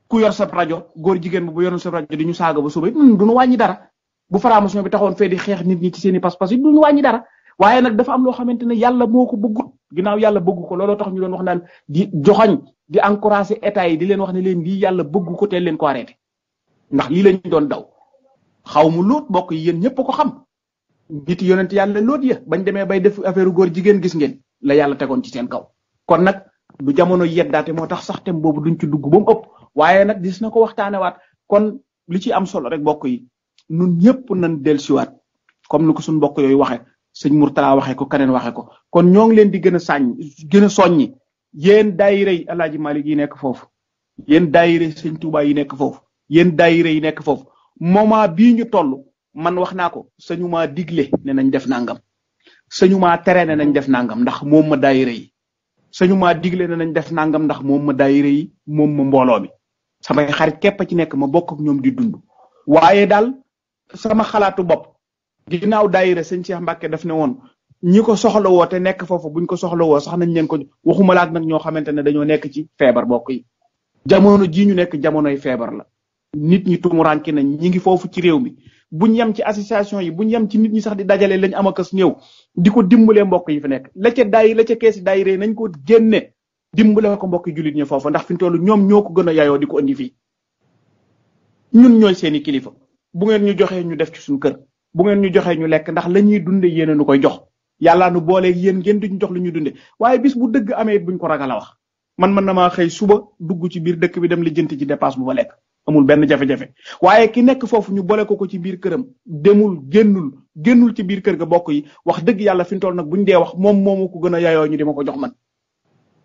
ku yor sab rajo góor jigéen bu yor sab rajo di ñu saaga ba suba hmm, du ñu wàññi dara bu franc-maçon bi taxon fee di xeex nit ñi ci seen i pas-pas yi wàññi dara waaye nag dafa am loo xamante ne yàlla moo ko bëggut ginnaaw yàlla bëggu ko looloo tax ñu doon wax naan di joxañ di encourager état yi di leen wax ne leen lii yàlla bëggu ko teel leen ko arrêté ndax lii lañ doon daw xaw mu lóot mbokk yi yéen ñëpp ko xam nit yonent yàlla lóot ya bañ demee bay def affaire góor jigéen gis ngeen la yàlla tegoon ci seen kaw kon nag du jamono yeddaate moo tax sax tem boobu duñ ci dugg ba mu ëpp waaye nag dis na ko waxtaanewaat kon li ci am solo rek mbokk yi nun ñëpp nañ dellusiwaat comme ni ko suñ mbokk yooyu waxe sëñ Mourtala waxee ko keneen waxee ko kon ñoo ngi leen di gën a sañ gën a soññi yéen daayirey Alaaji Malik yi nekk foofu yéen daayirey sëñ Tuubaa yi nekk foofu yéen daayira yi nekk foofu moment bii ñu toll man wax naa ko sañu maa digle ne nañ def nangam sañu maa tere ne nañ def nangam ndax moom ma daayira yi sañu maa digle ne nañ def nangam ndax moom ma daayira yi moom ma mbooloo mi samay xarit képp ci nekk ma bokk ak ñoom di dund waaye daal sama xalaatu bopp ginnaaw daayira sëñ Cheikh Mbacke daf ne woon ñi ko soxla woo te nekk foofu buñ ko soxla woo sax nañ leen ko waxuma laat nag ñoo xamante ne dañoo nekk ci feebar bokk yi jamono jii ñu nekk jamonoy feebar la nit ñi tumuranke nañ ñi ngi foofu ci réew mi buñ yem ci association yi buñ yem ci nit ñi sax di dajale lañ am akas néew di ko dimbalee mbokk yi fi nekk la ca daay ca keesi daay rey nañ ko génne dimbale ko mbokk jullit ñi foofa ndax fi mu toll ñoom ñoo ko gën a yayoo di ko indi fii ñun ñooy seeni kilifa bu ngeen ñu joxee ñu def ci suñu kër bu ngeen ñu joxee ñu lekk ndax la ñuy dunde yeneen a koy jox yàllaa nu booleeg yéen ngeen ñu jox lu ñu dunde waaye bis bu dëgg amee buñ ko ragal a wax man mën na maa xëy suba dugg ci biir dëkk bi dem li jënt ci dépasse bu ba lekk amul benn jafe-jafe waaye ki nekk foofu ñu boole ko ko ci biir këram dëmul génnul génnul ci biir kër ga bokk yi wax dëgg yàlla fi mu toll nag buñ dee wax moom moomu ko gën a yaayoo ñu di ma ko jox man.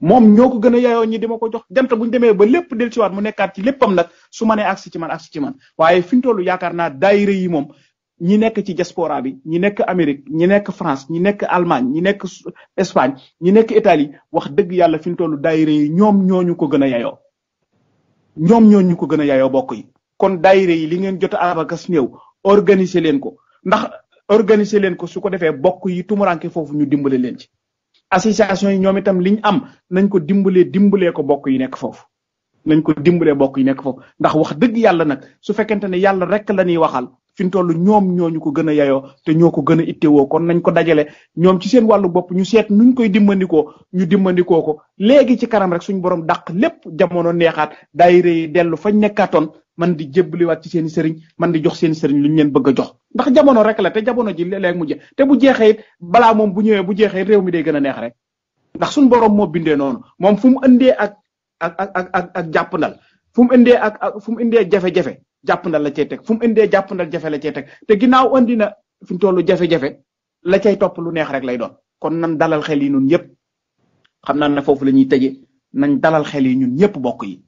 moom ñoo ko gën a yaayoo ñi di ma ko jox dem te demee ba lépp del ci waat mu nekkaat ci léppam nag su manee nee si ci man agsi ci man waaye fi mu toll yaakaar naa daayira yi moom ñi nekk ci diaspora bi ñi nekk Amérique ñi nekk France ñi nekk Allemagne ñi nekk Espagne ñi nekk Italie wax dëgg yàlla fi mu toll daayira yi ñoom ñooñu ko gën a yaayoo ñoom ñoo ñu ko gën a yaayoo bokk yi kon dayre yi li ngeen jot a abakas néew organiser leen ko ndax organiser leen ko su ko defee bokk yi tumuranke foofu ñu dimbale leen ci association yi ñoom itam liñ am nañ ko dimbalee dimbalee ko bokk yi nekk foofu nañ ko dimbalee bokk yi nekk foofu ndax wax dëgg yàlla nag su fekkente ne yàlla rek la ñuy waxal fi ñu toll ñoom ñoo ñu ko gën a yayoo te ñoo ko gën a ittewoo kon nañ ko dajale ñoom ci seen wàllu bopp ñu seet nuñ koy dimbandikoo ñu dimbandikoo ko léegi ci kanam rek suñu borom dàq lépp jamono neexaat day yi dellu fañ nekkaatoon man di jébbaliwaat ci seen sëriñ man di jox seen sëriñ lu ñu leen bëgg a jox ndax jamono rek la te jamono ji léeg mu jeex te bu jeexee it balaa moom bu ñëwee bu jeexee réew mi day gën a neex rek ndax suñu borom moo bindee noonu moom fu mu indee ak ak ak ak ak jàppandal fu indee ak fu mu indee jafe jàppandal la cay teg fu mu indee jàppandal jafe la cay teg te ginnaaw andina na fi mu toll jafe-jafe la cay topp lu neex rek lay doon kon nan dalal xel yi ñun ñëpp xam naa ne foofu la ñuy tëjee nañ dalal xel yi ñun ñëpp bokk yi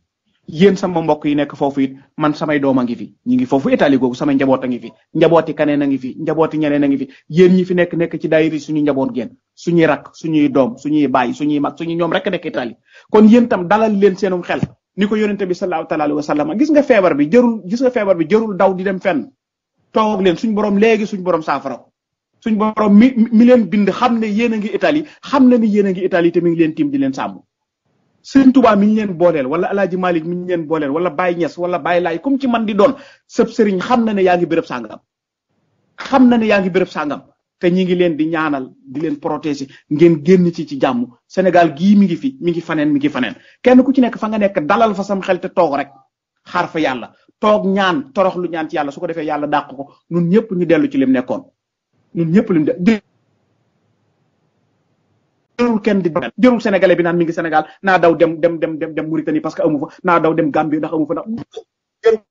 yéen sama mbokk yi nekk foofu it man samay doom a ngi fi ñu ngi foofu Italie googu samay njaboot a ngi fi njabooti kaneen a ngi fi njabooti ñeneen a ngi fi yéen ñi fi nekk nekk ci daay suñu njaboot ngeen suñuy rak suñuy doom suñuy baay suñuy mag suñuy ñoom rek nekk Italie kon yéen tam dalal leen seenum xel ni ko yonente bi sallallahu taala alayhi wa sallam nga feebar bi jërul gis nga feebar bi jërul daw di dem fen toog leen suñ borom léegi suñ borom saafara ko suñ borom mi mi leen bind xam ne yéen a ngi itali xam na ni yéen a ngi Italie te mi ngi leen tiim di leen sàmm Sëriñ Tuubaa mi ñu leen booleel wala Alaaji Malik mi ñu leen booleel wala Baay Ñas wala Baay Laay comme ci man di doon sëb sëriñ xam na ne yaa ngi béréb sàngam xam na ne yaa ngi béréb sàngam te ñi ngi leen di ñaanal di leen protéger ngeen génn ci ci jàmm Sénégal gii mi ngi fi mi ngi faneen mi ngi faneen kenn ku ci nekk fa nga nekk dalal fa sam xel te toog rek xaar fa yàlla toog ñaan torox lu ñaan ci yàlla su ko defee yàlla dàq ko ñun ñëpp ñu dellu ci lim nekkoon ñun ñëpp lim de jërul kenn di jërul sénégalais bi naan mi ngi Sénégal naa daw dem dem dem dem Mauritanie parce que amu fa naa daw dem Gambie ndax amu fa ndax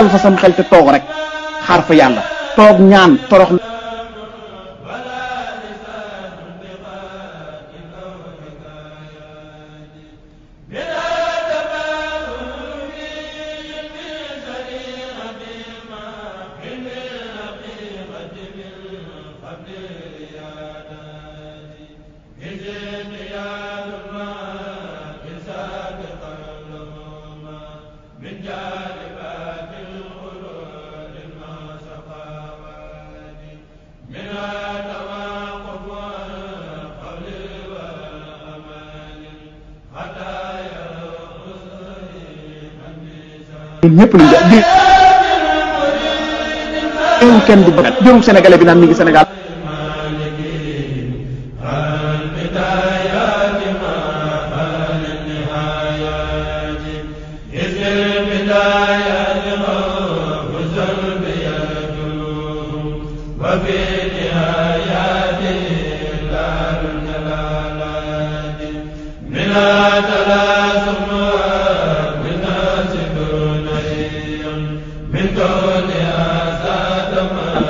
dalal fa sam xel te toog rek xaar fa yàlla toog ñaan torox ñëpp lañ jël jërul kenn du bëgg jërul sénégalais bi naan mi ngi senegal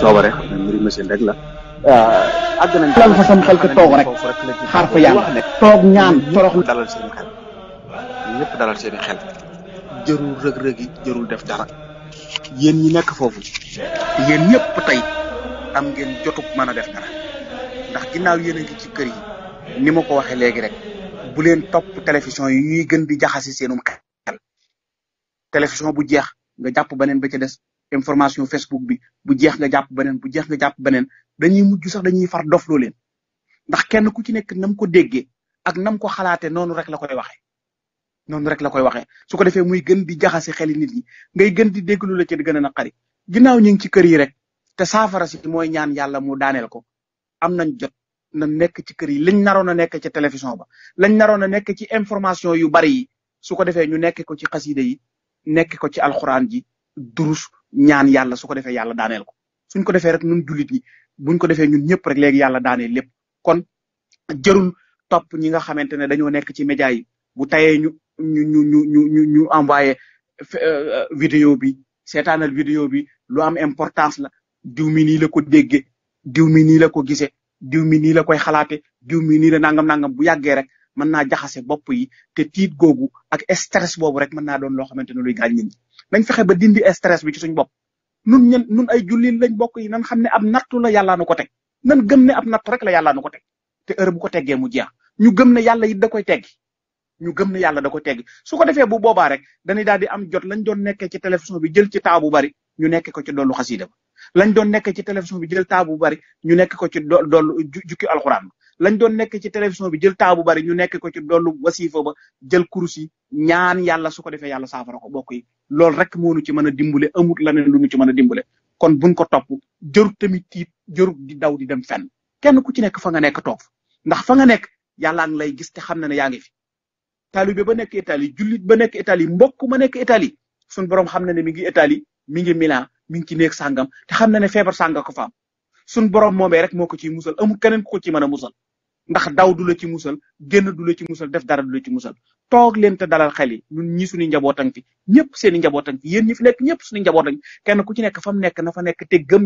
coobare ya. nah, mbiri machine rek la àgg nañ dalal fa sam xel te toog rek xaar fa yàlla toog ñaan torox dalal seen xel ñëpp dalal seen xel jërul rëg rëg yi jërul def dara yéen ñi nekk am ngeen def dara ndax ngi ci kër yi ni ma ko waxee rek bu leen topp télévision yi ñuy gën di jaxasi seenum xel télévision bu jeex nga ba information Facebook bi bu jeex nga jàpp beneen bu jeex nga jàpp beneen dañuy mujj sax dañuy far dof loo leen ndax kenn ku ci nekk nam ko déggee ak nam ko xalaatee noonu rek la koy waxee noonu rek la koy waxee su ko defee muy gën di jaxase xeli nit ñi ngay gën di dégg lu la ci gën a naqari ginnaaw ñu ngi ci kër yi rek te saafara si mooy ñaan yàlla mu daaneel ko am nañ jot na nekk ci kër yi liñ naroon a nekk ci télévision ba lañ naroon a nekk ci information yu bari yi su ko defee ñu nekk ko ci xaside yi nekk ko ci alxuraan ji durus ñaan yàlla su ko defee yàlla daaneel ko suñ ko defee rek ñun jullit ñi buñ ko defee ñun ñëpp rek léegi yàlla daaneel lépp kon jërul topp ñi nga xamante ne dañoo nekk ci média yi bu tayee ñu ñu ñu ñu ñu ñu ñu envoyé euh, euh, vidéo bi seetaanal vidéo bi lu am importance la diw mi nii la ko déggee diw mi nii la ko gisee diw mi nii la koy xalaate diw mi nii la nangam nangam bu yàggee rek mën naa jaxase bopp yi te tiit googu ak stress boobu rek mën naa doon loo xamante ne luy gaañ ñi nañ fexe ba dindi stress bi ci suñ bopp nun ñen nun ay julin lañ bokk yi nan xam ne ab nattu la yàllaa nu ko teg nan gëm ne ab nattu rek la yàllaa nu ko teg te heure bu ko teggee mu jeex ñu gëm ne yàlla it da koy teggi ñu gëm ne yàlla da koy teg su ko defee bu boobaa rek dañuy daal di am jot lañ doon nekkee ci télévision bi jël ci bu bari ñu nekk ko ci dollu xasida ba lañ doon nekk ci télévision bi jël taa bu bari ñu nekk ko ci dollu jukki alxuraan ba lañ doon nekk ci télévision bi jël taa bu bari ñu nekk ko ci dollu wasifa ba jël kurus yi ñaan yàlla su ko defee yàlla saafara ko bokk yi loolu rek moo nu ci mën a dimbale amut leneen lu nu ci mën a dimbale kon buñ ko topp jërut tamit tiit jërut di daw di dem fenn kenn ku ci nekk fa nga nekk toog ndax fa nga nekk yàllaa ngi lay gis te xam na ne yaa ngi fi. taalibe ba nekk Italie jullit ba nekk itali mbok ma nekk Italie suñ borom xam na ne mi ngi Italie mi ngi Milan mi ngi ci néeg sàngam te xam na ne feebar sànga ko fa am suñ borom moomee rek moo ko ciy musal amul keneen ku ko ci mën a musal. ndax daw du la ci musal génn du la ci musal def dara du la ci musal toog leen te dalal xel yi ñun ñi suñu njabootan fi ñëpp seen i njabootan fi yéen ñi fi nekk ñëpp suñu njabootan fi kenn ku ci nekk fa mu nekk na nekk te gëm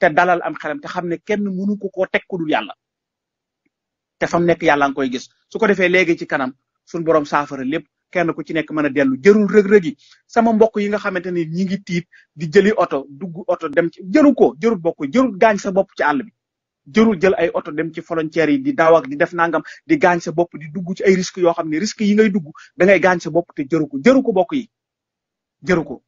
te dalal am xelam te xam ne kenn mënu ko koo teg ku dul yàlla te fa nekk yàlla nga koy gis su ko defee léegi ci kanam suñu borom saafara lépp kenn ku ci nekk mën a dellu jërul rëg-rëg yi sama mbokk yi nga xamante ne ñi ngi tiit di jëli oto dugg oto dem ci jëru ko jërul bokk jërul gaañ sa bopp ci àll bi jërul jël ay oto dem ci frontières yi di daaw ak di def nangam di gaañ sa bopp di dugg ci ay risques yoo xam ne risques yi ngay dugg da ngay gaañ sa bopp te jëru ko jëru ko bokk yi jëru ko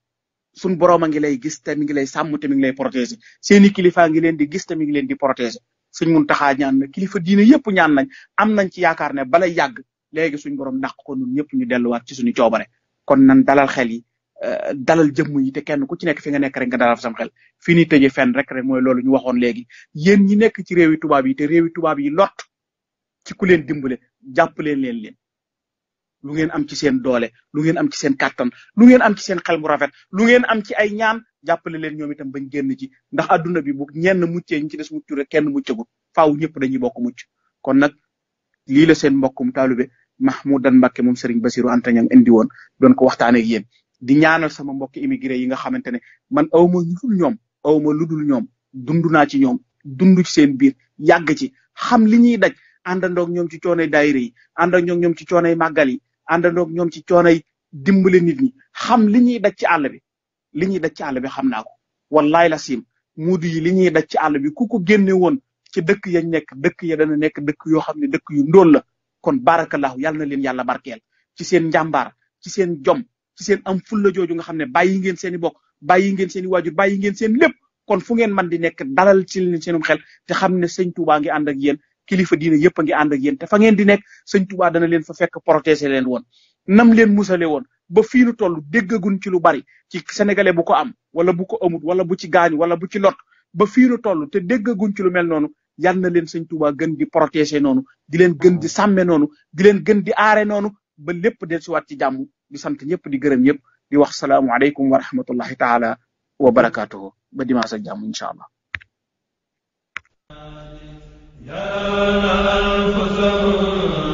suñ boroom a ngi lay gis te mi ngi lay sàmm te mi ngi lay protéger seeni kilifaa ngi leen di gis te mi ngi leen di protéger suñ mun taxaa ñaan na kilifa diine yëpp ñaan nañ am nañ ci yaakaar ne balay yàgg léegi suñ borom dàq ko ñun ñëpp ñu delluwaat ci suñu coobare kon nan dalal xel yi dalal jëmm yi te kenn ku ci nekk fi nga nekk rek nga dalal sam xel fii ni tëjee fen rek rek mooy loolu ñu waxoon léegi yéen ñi nekk ci réewi tubaab yi te réewi tubaab yi lot ci ku leen dimbale jàpp leen leen lu ngeen am ci seen doole lu ngeen am ci seen kàttan lu ngeen am ci seen xel mu rafet lu ngeen am ci ay ñaan jàppale leen ñoom itam bañ génn ci ndax adduna bi bu ñenn muccee ñi ci des muccu rek kenn muccagul faaw ñëpp dañuy bokk mucc kon nag lii la seen mbokkum taalube Mahmoudan Mbacké moom Serigne Bassirou Anta Niang indi woon doon ko waxtaanee ak di ñaanal sama mbokki immigré yi nga xamante ne man a lu dul ñoom awma lu dul ñoom dund naa ci ñoom dund ci seen biir yàgg ci xam li ñuy daj àndandoog ñoom ci coonay daayira yi àndandoog ñoom ci coonay màggal yi àndandoog ñoom ci coonay dimbale nit ñi xam li ñuy daj ci àll bi li ñuy daj ci àll bi xam naa ko wallaay la siim muudu yi li ñuy daj ci àll bi ku ko génne woon ci dëkk ya nekk dëkk ya nekk dëkk yoo xam ne dëkk yu ndóol la kon barakallahu yàlla na leen yàlla barkel ci seen njàmbaar ci seen jom ci seen am ful fulla jooju nga xam ne bàyyi ngeen seeni i bokk bàyyi ngeen seen i bàyyi ngeen seen lépp kon fu ngeen man di nekk dalal ci leen seenum xel te xam ne sëñ Touba ngi ànd ak yéen kilifa diine yëpp a ngi ànd ak yéen te fa ngeen di nekk sëñ Touba dana leen fa fekk protéger leen woon nam leen musale woon ba fii nu toll déggagun ci lu bari ci sénégalais bu ko am wala bu ko amut wala bu ci gaañu wala bu ci lot ba fii nu toll te déggagun ci lu mel noonu yal leen sëñ Touba gën di protéger noonu di leen gën di sàmme noonu di leen gën di aare noonu ba lépp del ci jàmm di sant di gërëm ñëpp di wax salaamu alaykum wa rahmatullahi taala wa barakatuh ba dimanche ak allah ya